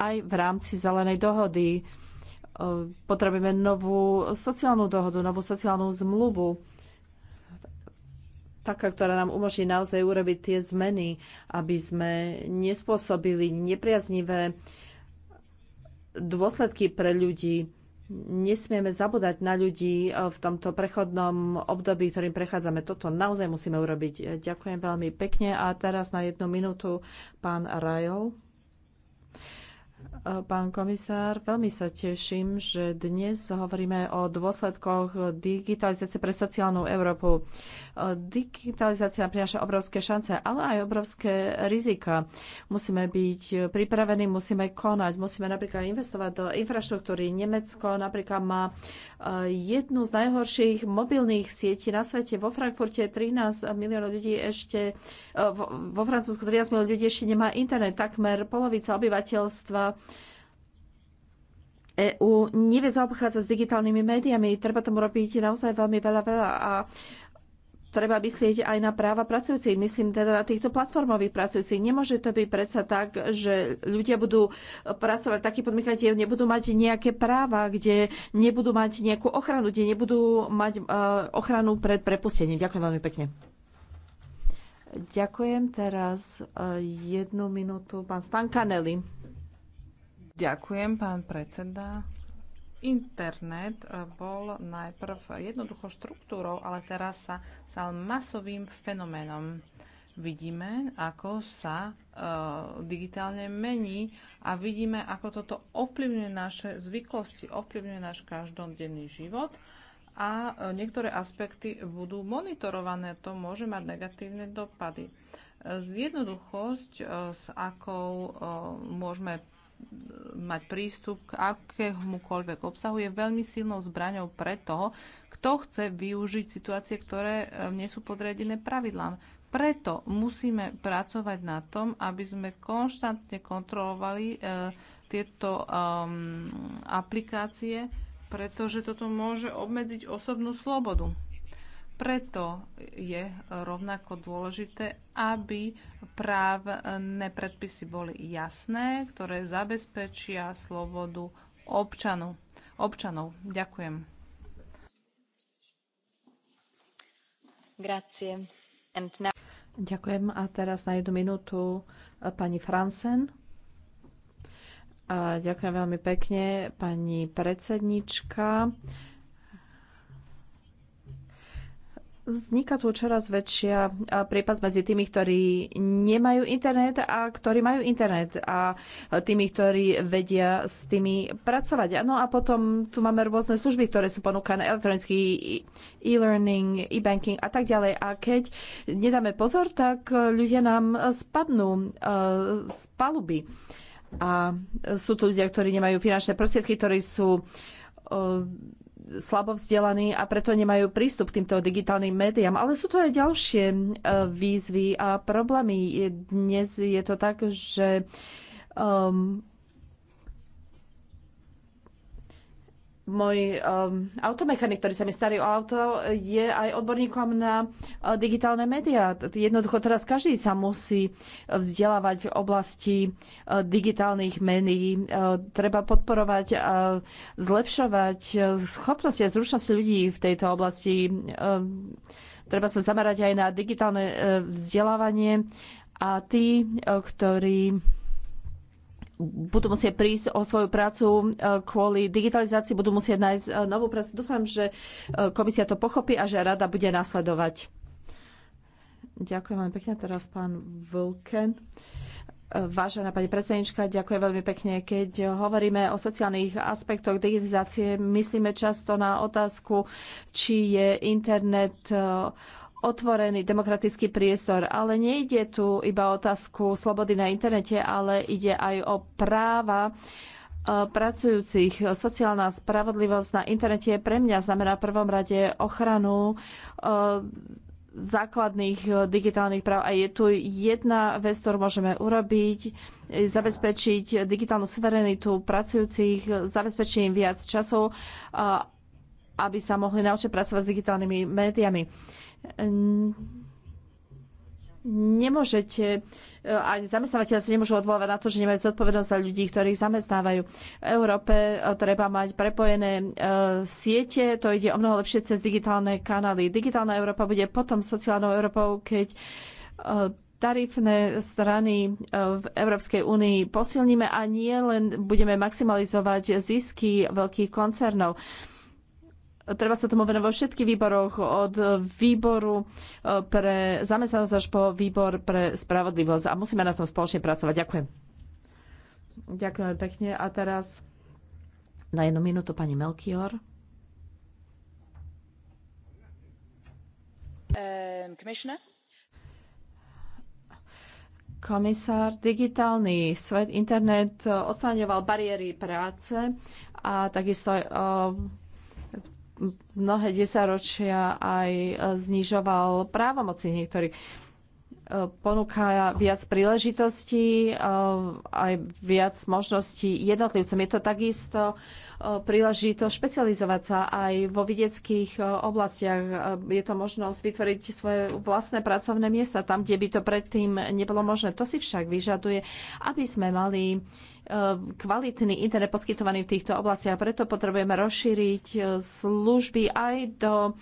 aj v rámci zelenej dohody. Potrebujeme novú sociálnu dohodu, novú sociálnu zmluvu taká, ktorá nám umožní naozaj urobiť tie zmeny, aby sme nespôsobili nepriaznivé dôsledky pre ľudí. Nesmieme zabúdať na ľudí eh, v tomto prechodnom období, ktorým prechádzame. Toto naozaj musíme urobiť. Ďakujem veľmi pekne a teraz na jednu minútu pán Rajol. Pán komisár, veľmi sa teším, že dnes hovoríme o dôsledkoch digitalizácie pre sociálnu Európu. Digitalizácia prináša obrovské šance, ale aj obrovské rizika. Musíme byť pripravení, musíme konať, musíme napríklad investovať do infraštruktúry. Nemecko napríklad má eh, jednu z najhorších mobilných sietí na svete. Vo Frankfurte 13 miliónov ľudí ešte, eh, vo Francúzsku 13 miliónov ľudí ešte nemá internet. Takmer polovica obyvateľstva EÚ nevie zaobchádzať s digitálnymi médiami. Treba tomu robiť naozaj veľmi veľa, veľa a treba myslieť aj na práva pracujúcich. Myslím teda na týchto platformových pracujúcich. Nemôže to byť predsa tak, že ľudia budú pracovať v takých podmienkach, kde nebudú mať nejaké práva, kde nebudú mať nejakú ochranu, kde nebudú mať e, ochranu pred prepustením. Ďakujem veľmi pekne. Ďakujem. Teraz e, jednu minútu pán Stankanelli. Ďakujem, pán predseda. Internet eh, bol najprv jednoducho štruktúrou, ale teraz sa stal masovým fenoménom. Vidíme, ako sa e, digitálne mení a vidíme, ako toto ovplyvňuje naše zvyklosti, ovplyvňuje náš každodenný život a e, niektoré aspekty budú monitorované. To môže mať negatívne dopady. Zjednoduchosť, s akou môžeme mať prístup k akémukoľvek obsahu, je veľmi silnou zbraňou pre toho, kto chce využiť situácie, ktoré e, nie sú podriadené pravidlám. Preto musíme pracovať na tom, aby sme konštantne kontrolovali e, tieto um, aplikácie, pretože toto môže obmedziť osobnú slobodu. Preto je rovnako dôležité, aby právne predpisy boli jasné, ktoré zabezpečia slobodu občanu, občanov. Ďakujem. Grazie. And now... Ďakujem. A teraz na jednu minútu eh, pani Fransen. A ďakujem veľmi pekne, pani predsednička. vzniká tu čoraz väčšia prípas medzi tými, ktorí nemajú internet a ktorí majú internet a tými, ktorí vedia s tými pracovať. No a potom tu máme rôzne služby, ktoré sú ponúkané, elektronický e-learning, e-banking a tak ďalej. A keď nedáme pozor, tak ľudia nám spadnú z paluby. A sú tu ľudia, ktorí nemajú finančné prostriedky, ktorí sú slabo vzdelaní a preto nemajú prístup k týmto digitálnym médiám. Ale sú tu aj ďalšie e, výzvy a problémy. Dnes je to tak, že um, môj um, automechanik, ktorý sa mi starí o auto, je aj odborníkom na uh, digitálne médiá. Jednoducho teraz každý sa musí vzdelávať v oblasti uh, digitálnych médií. Uh, treba podporovať a uh, zlepšovať uh, schopnosti a zručnosti ľudí v tejto oblasti. Uh, treba sa zamerať aj na digitálne uh, vzdelávanie a tí, uh, ktorí budú musieť prísť o svoju prácu e, kvôli digitalizácii, budú musieť nájsť e, novú prácu. Dúfam, že e, komisia to pochopí a že rada bude nasledovať. Ďakujem veľmi pekne. Teraz pán Vulken. Vážená pani predsednička, ďakujem veľmi pekne. Keď hovoríme o sociálnych aspektoch digitalizácie, myslíme často na otázku, či je internet otvorený demokratický priestor. Ale nejde tu iba o otázku slobody na internete, ale ide aj o práva e, pracujúcich. Sociálna spravodlivosť na internete pre mňa znamená v prvom rade ochranu e, základných e, digitálnych práv. A je tu jedna vec, ktorú môžeme urobiť, zabezpečiť digitálnu suverenitu pracujúcich, zabezpečiť im viac času, aby sa mohli naučiť pracovať s digitálnymi médiami nemôžete, ani zamestnávateľ sa nemôžu odvolávať na to, že nemajú zodpovednosť za ľudí, ktorých zamestnávajú. V Európe eh, treba mať prepojené eh, siete, to ide o mnoho lepšie cez digitálne kanály. Digitálna Európa bude potom sociálnou Európou, keď eh, tarifné strany v Európskej únii posilníme a nie len budeme maximalizovať zisky veľkých koncernov. Treba sa tomu venovať vo všetkých výboroch, od výboru e, pre zamestnanosť až po výbor pre spravodlivosť a musíme na tom spoločne pracovať. Ďakujem. Ďakujem pekne. A teraz na jednu minútu pani Melchior. Um, Komisár, digitálny svet, internet e, odstraňoval bariéry práce a takisto e, mnohé desaťročia aj znižoval právomoci niektorých ponúka viac príležitostí, eh, aj viac možností jednotlivcom. Je to takisto eh, príležitosť špecializovať sa aj vo vidieckých eh, oblastiach. Je to možnosť vytvoriť svoje vlastné pracovné miesta tam, kde by to predtým nebolo možné. To si však vyžaduje, aby sme mali kvalitný internet poskytovaný v týchto oblastiach. Preto potrebujeme rozšíriť služby aj do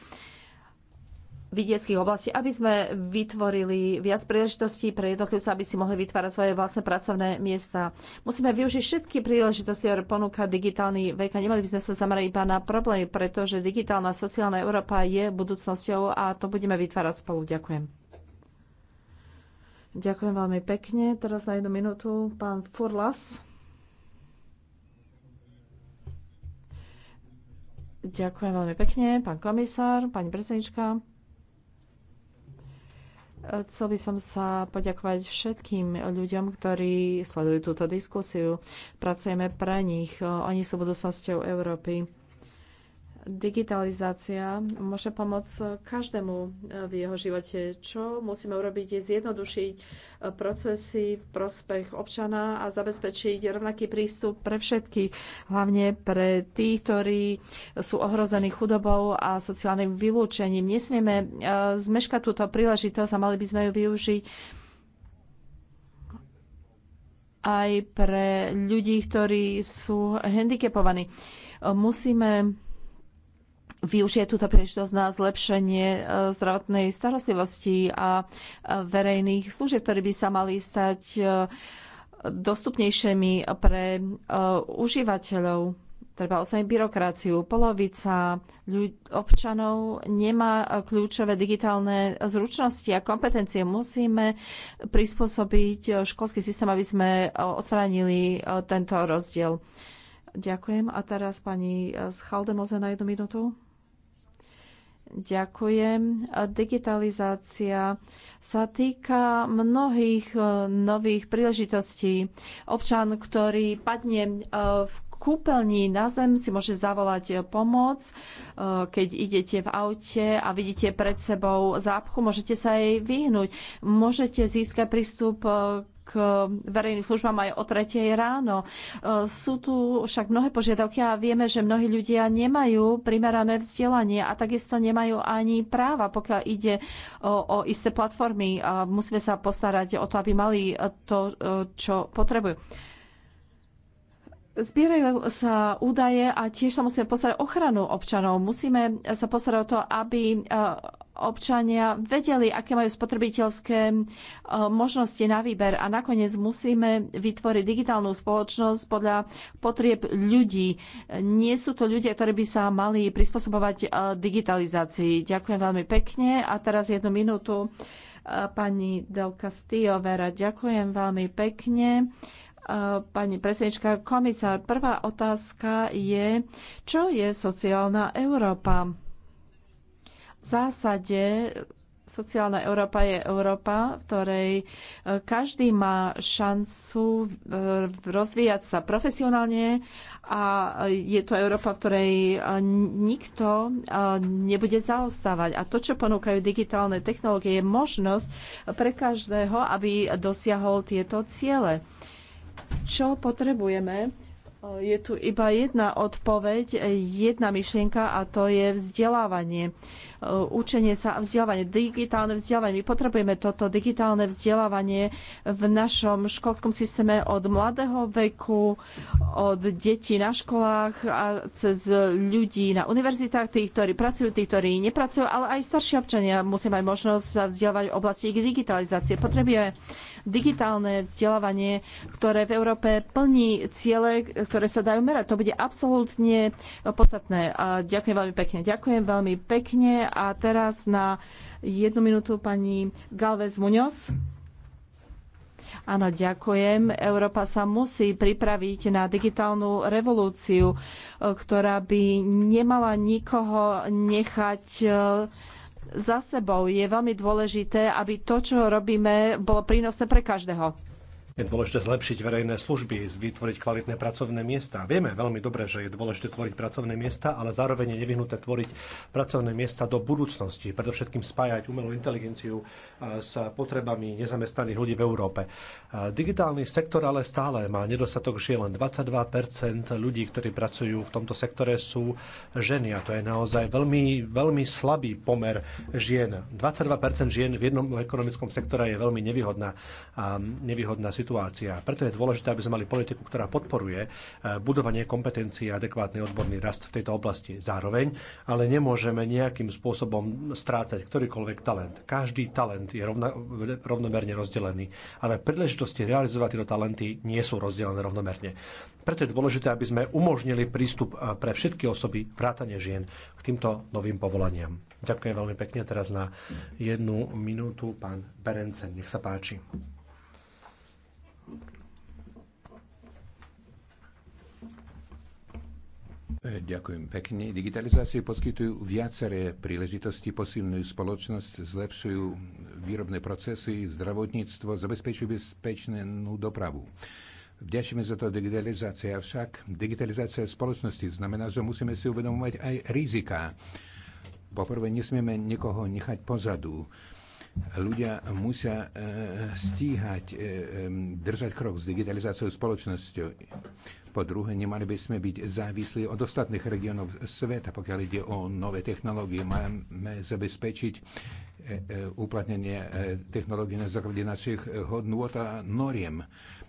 vidieckých oblastí, aby sme vytvorili viac príležitostí pre jednotlivcov, aby si mohli vytvárať svoje vlastné pracovné miesta. Musíme využiť všetky príležitosti, ktoré ponúka digitálny vek a nemali by sme sa zamerať iba na problémy, pretože digitálna sociálna Európa je budúcnosťou a to budeme vytvárať spolu. Ďakujem. Ďakujem veľmi pekne. Teraz na jednu minútu pán Furlas. Ďakujem veľmi pekne, pán komisár, pani predsednička. Chcel by som sa poďakovať všetkým ľuďom, ktorí sledujú túto diskusiu. Pracujeme pre nich. Oni sú budúcnosťou Európy digitalizácia môže pomôcť každému eh, v jeho živote. Čo musíme urobiť je zjednodušiť eh, procesy v prospech občana a zabezpečiť rovnaký prístup pre všetkých, hlavne pre tých, ktorí sú ohrození chudobou a sociálnym vylúčením. Nesmieme eh, zmeškať túto príležitosť a mali by sme ju využiť aj pre ľudí, ktorí sú handicapovaní. Musíme využije túto príležitosť na zlepšenie e, zdravotnej starostlivosti a e, verejných služieb, ktoré by sa mali stať e, dostupnejšími pre užívateľov. Treba osadiť byrokraciu. Polovica občanov nemá kľúčové digitálne zručnosti a kompetencie. Musíme prispôsobiť školský systém, aby sme osranili tento rozdiel. Ďakujem. A teraz pani Schaldemoze na jednu minútu. Ďakujem. Digitalizácia sa týka mnohých e, nových príležitostí. Občan, ktorý padne e, v kúpeľni na zem, si môže zavolať e, pomoc. Keď idete v aute a vidíte pred sebou zápchu, môžete sa jej vyhnúť. Môžete získať prístup k eh, verejným službám aj o tretej ráno. Eh, sú tu však mnohé požiadavky a vieme, že mnohí ľudia nemajú primerané vzdelanie a takisto nemajú ani práva, pokiaľ ide o, eh, o isté platformy. A musíme sa postarať o to, aby mali to, čo potrebujú. Zbierajú sa údaje a tiež sa musíme postarať o ochranu občanov. Musíme sa postarať o to, aby e, občania vedeli, aké majú spotrebiteľské e, možnosti na výber. A nakoniec musíme vytvoriť digitálnu spoločnosť podľa potrieb ľudí. Nie sú to ľudia, ktorí by sa mali prispôsobovať e, digitalizácii. Ďakujem veľmi pekne. A teraz jednu minútu pani Del Castillo Vera. Ďakujem veľmi pekne Pani predsednička, komisár, prvá otázka je, čo je sociálna Európa? V zásade sociálna Európa je Európa, v ktorej e, každý má šancu e, rozvíjať sa profesionálne a je to Európa, v ktorej e, nikto nebude zaostávať. A to, čo ponúkajú digitálne technológie, je možnosť pre každého, aby dosiahol tieto ciele čo potrebujeme. E, je tu iba jedna odpoveď, jedna myšlienka a to je vzdelávanie. E, učenie sa a vzdelávanie, digitálne vzdelávanie. My potrebujeme toto digitálne vzdelávanie v našom školskom systéme od mladého veku, od detí na školách a cez ľudí na univerzitách, tých, ktorí pracujú, tých, ktorí nepracujú, ale aj starší občania musia mať možnosť sa vzdelávať v oblasti digitalizácie. Potrebujeme digitálne vzdelávanie, ktoré v Európe plní ciele, ktoré sa dajú merať. To bude absolútne podstatné. A ďakujem veľmi pekne. Ďakujem veľmi pekne a teraz na jednu minútu pani Galvez Muñoz. Áno, ďakujem. Európa sa musí pripraviť na digitálnu revolúciu, e, ktorá by nemala nikoho nechať e, za sebou. Je veľmi dôležité, aby to, čo robíme, bolo prínosné pre každého. Je dôležité zlepšiť verejné služby, vytvoriť kvalitné pracovné miesta. Vieme veľmi dobre, že je dôležité tvoriť pracovné miesta, ale zároveň je nevyhnuté tvoriť pracovné miesta do budúcnosti. Predovšetkým spájať umelú inteligenciu e, s potrebami nezamestnaných ľudí v Európe. E, digitálny sektor ale stále má nedostatok žien. Len 22 ľudí, ktorí pracujú v tomto sektore, sú ženy. A to je naozaj veľmi, veľmi slabý pomer žien. 22 žien v jednom ekonomickom sektore je veľmi nevyhodná, nevýhodná situácia situácia. Preto je dôležité, aby sme mali politiku, ktorá podporuje e, budovanie kompetencií a adekvátny odborný rast v tejto oblasti. Zároveň ale nemôžeme nejakým spôsobom strácať ktorýkoľvek talent. Každý talent je rovna, rovnomerne rozdelený, ale príležitosti realizovať tieto talenty nie sú rozdelené rovnomerne. Preto je dôležité, aby sme umožnili prístup e, pre všetky osoby, vrátane žien, k týmto novým povolaniam. Ďakujem veľmi pekne. Teraz na jednu minútu pán Berencen. Nech sa páči. E, ďakujem pekne. Digitalizácie poskytujú viaceré príležitosti, posilňujú spoločnosť, zlepšujú výrobné procesy, zdravotníctvo, zabezpečujú bezpečnú dopravu. Vďačíme za to digitalizácia, avšak digitalizácia spoločnosti znamená, že musíme si uvedomovať aj rizika. Poprvé, nesmieme nikoho nechať pozadu ľudia musia e, stíhať, e, držať krok s digitalizáciou spoločnosťou. Po druhé, nemali by sme byť závislí od ostatných regiónov sveta, pokiaľ ide o nové technológie. Máme zabezpečiť e, e, uplatnenie e, technológie na základe našich hodnôt a noriem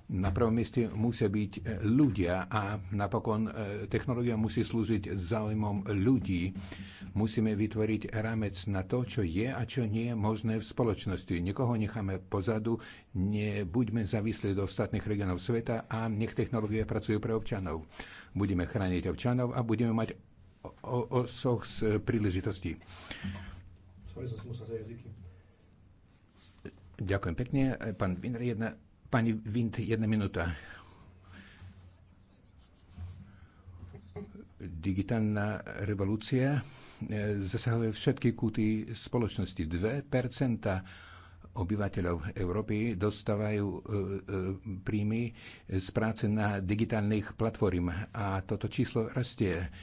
na prvom mieste musia byť e, ľudia a napokon e, technológia musí slúžiť záujmom ľudí. Musíme vytvoriť rámec na to, čo je a čo nie je možné v spoločnosti. Nikoho necháme pozadu, nebuďme závislí do ostatných regionov sveta a nech technológie pracujú pre občanov. Budeme chrániť občanov a budeme mať osoch z príležitostí. Ďakujem pekne. Pán Binder, jedna Pani Vint, jedna minuta. Digitálna revolúcia e, zasahuje všetky kúty spoločnosti. 2 obyvateľov Európy dostávajú e, e, príjmy z práce na digitálnych platform a toto číslo rastie.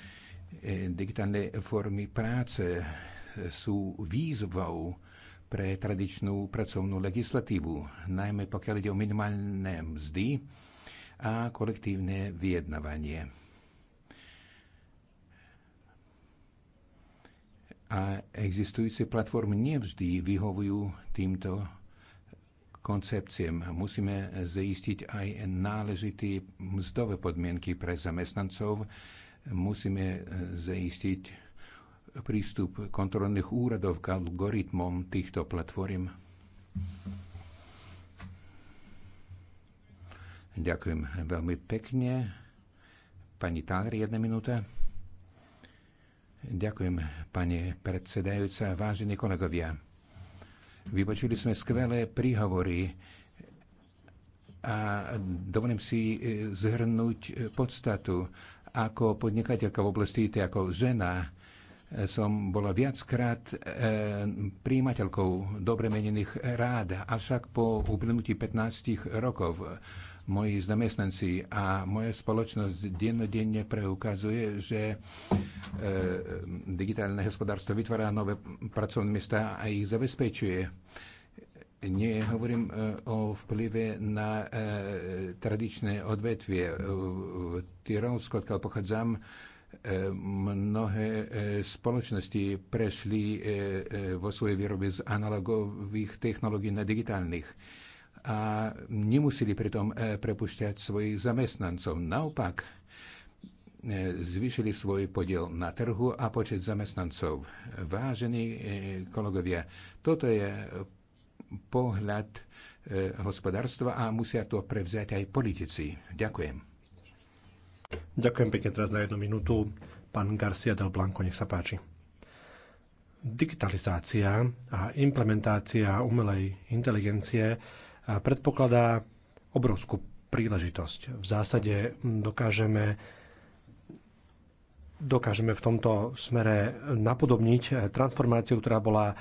digitálne formy práce sú výzvou pre tradičnú pracovnú legislatívu, najmä pokiaľ ide o minimálne mzdy a kolektívne vyjednávanie. A existujúce platformy nevždy vyhovujú týmto koncepciám. Musíme zaistiť aj náležité mzdové podmienky pre zamestnancov, musíme zaistiť prístup kontrolných úradov k algoritmom týchto platform. Ďakujem veľmi pekne. Pani Táler, jedna minúta. Ďakujem, pani predsedajúca, vážení kolegovia. Vypočuli sme skvelé príhovory a dovolím si e, zhrnúť e, podstatu. Ako podnikateľka v oblasti IT, ako žena, som bola viackrát e, príjimateľkou dobre menených rád, avšak po uplynutí 15 rokov moji zamestnanci a moja spoločnosť dennodenne preukazuje, že e, digitálne hospodárstvo vytvára nové pracovné miesta a ich zabezpečuje. Nie hovorím e, o vplyve na e, tradičné odvetvie. E, v Tyrolsku, odkiaľ pochádzam, e, E, mnohé e, spoločnosti prešli e, vo svojej výrobe z analogových technológií na digitálnych a nemuseli pritom prepušťať svojich zamestnancov. Naopak, zvýšili svoj podiel na trhu a počet zamestnancov. Vážení kolegovia, toto je pohľad hospodárstva a musia to prevziať aj politici. Ďakujem. Ďakujem pekne teraz na jednu minútu. Pán Garcia del Blanco, nech sa páči. Digitalizácia a implementácia umelej inteligencie predpokladá obrovskú príležitosť. V zásade dokážeme dokážeme v tomto smere napodobniť e, transformáciu, ktorá bola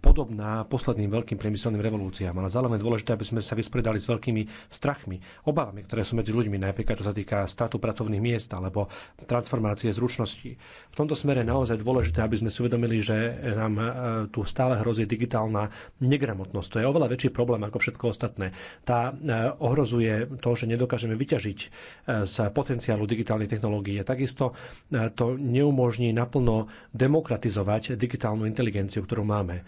podobná posledným veľkým priemyselným revolúciám, ale zároveň dôležité, aby sme sa vyspredali s veľkými strachmi, obavami, ktoré sú medzi ľuďmi, napríklad čo sa týka stratu pracovných miest alebo transformácie zručností. V tomto smere je naozaj dôležité, aby sme si uvedomili, že nám e, tu stále hrozí digitálna negramotnosť. To je oveľa väčší problém ako všetko ostatné. Tá e, ohrozuje to, že nedokážeme vyťažiť e, z potenciálu digitálnej technológie. Takisto to neumožní naplno demokratizovať digitálnu inteligenciu, ktorú máme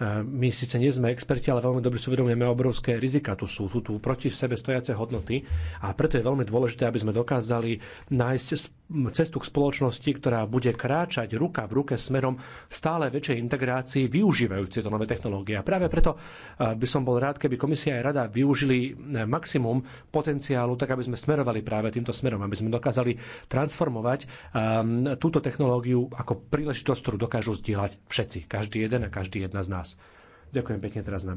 E, my síce nie sme experti, ale veľmi dobre súvedomujeme obrovské rizika tu sú. Sú tu proti sebe stojace hodnoty a preto je veľmi dôležité, aby sme dokázali nájsť cestu k spoločnosti, ktorá bude kráčať ruka v ruke smerom stále väčšej integrácii, využívajúc tieto nové technológie. A práve preto e, by som bol rád, keby komisia aj rada využili e, maximum potenciálu, tak aby sme smerovali práve týmto smerom, aby sme dokázali transformovať túto technológiu ako príležitosť, ktorú dokážu zdieľať všetci, každý jeden a každý jedna z nás nás. Ďakujem pekne teraz na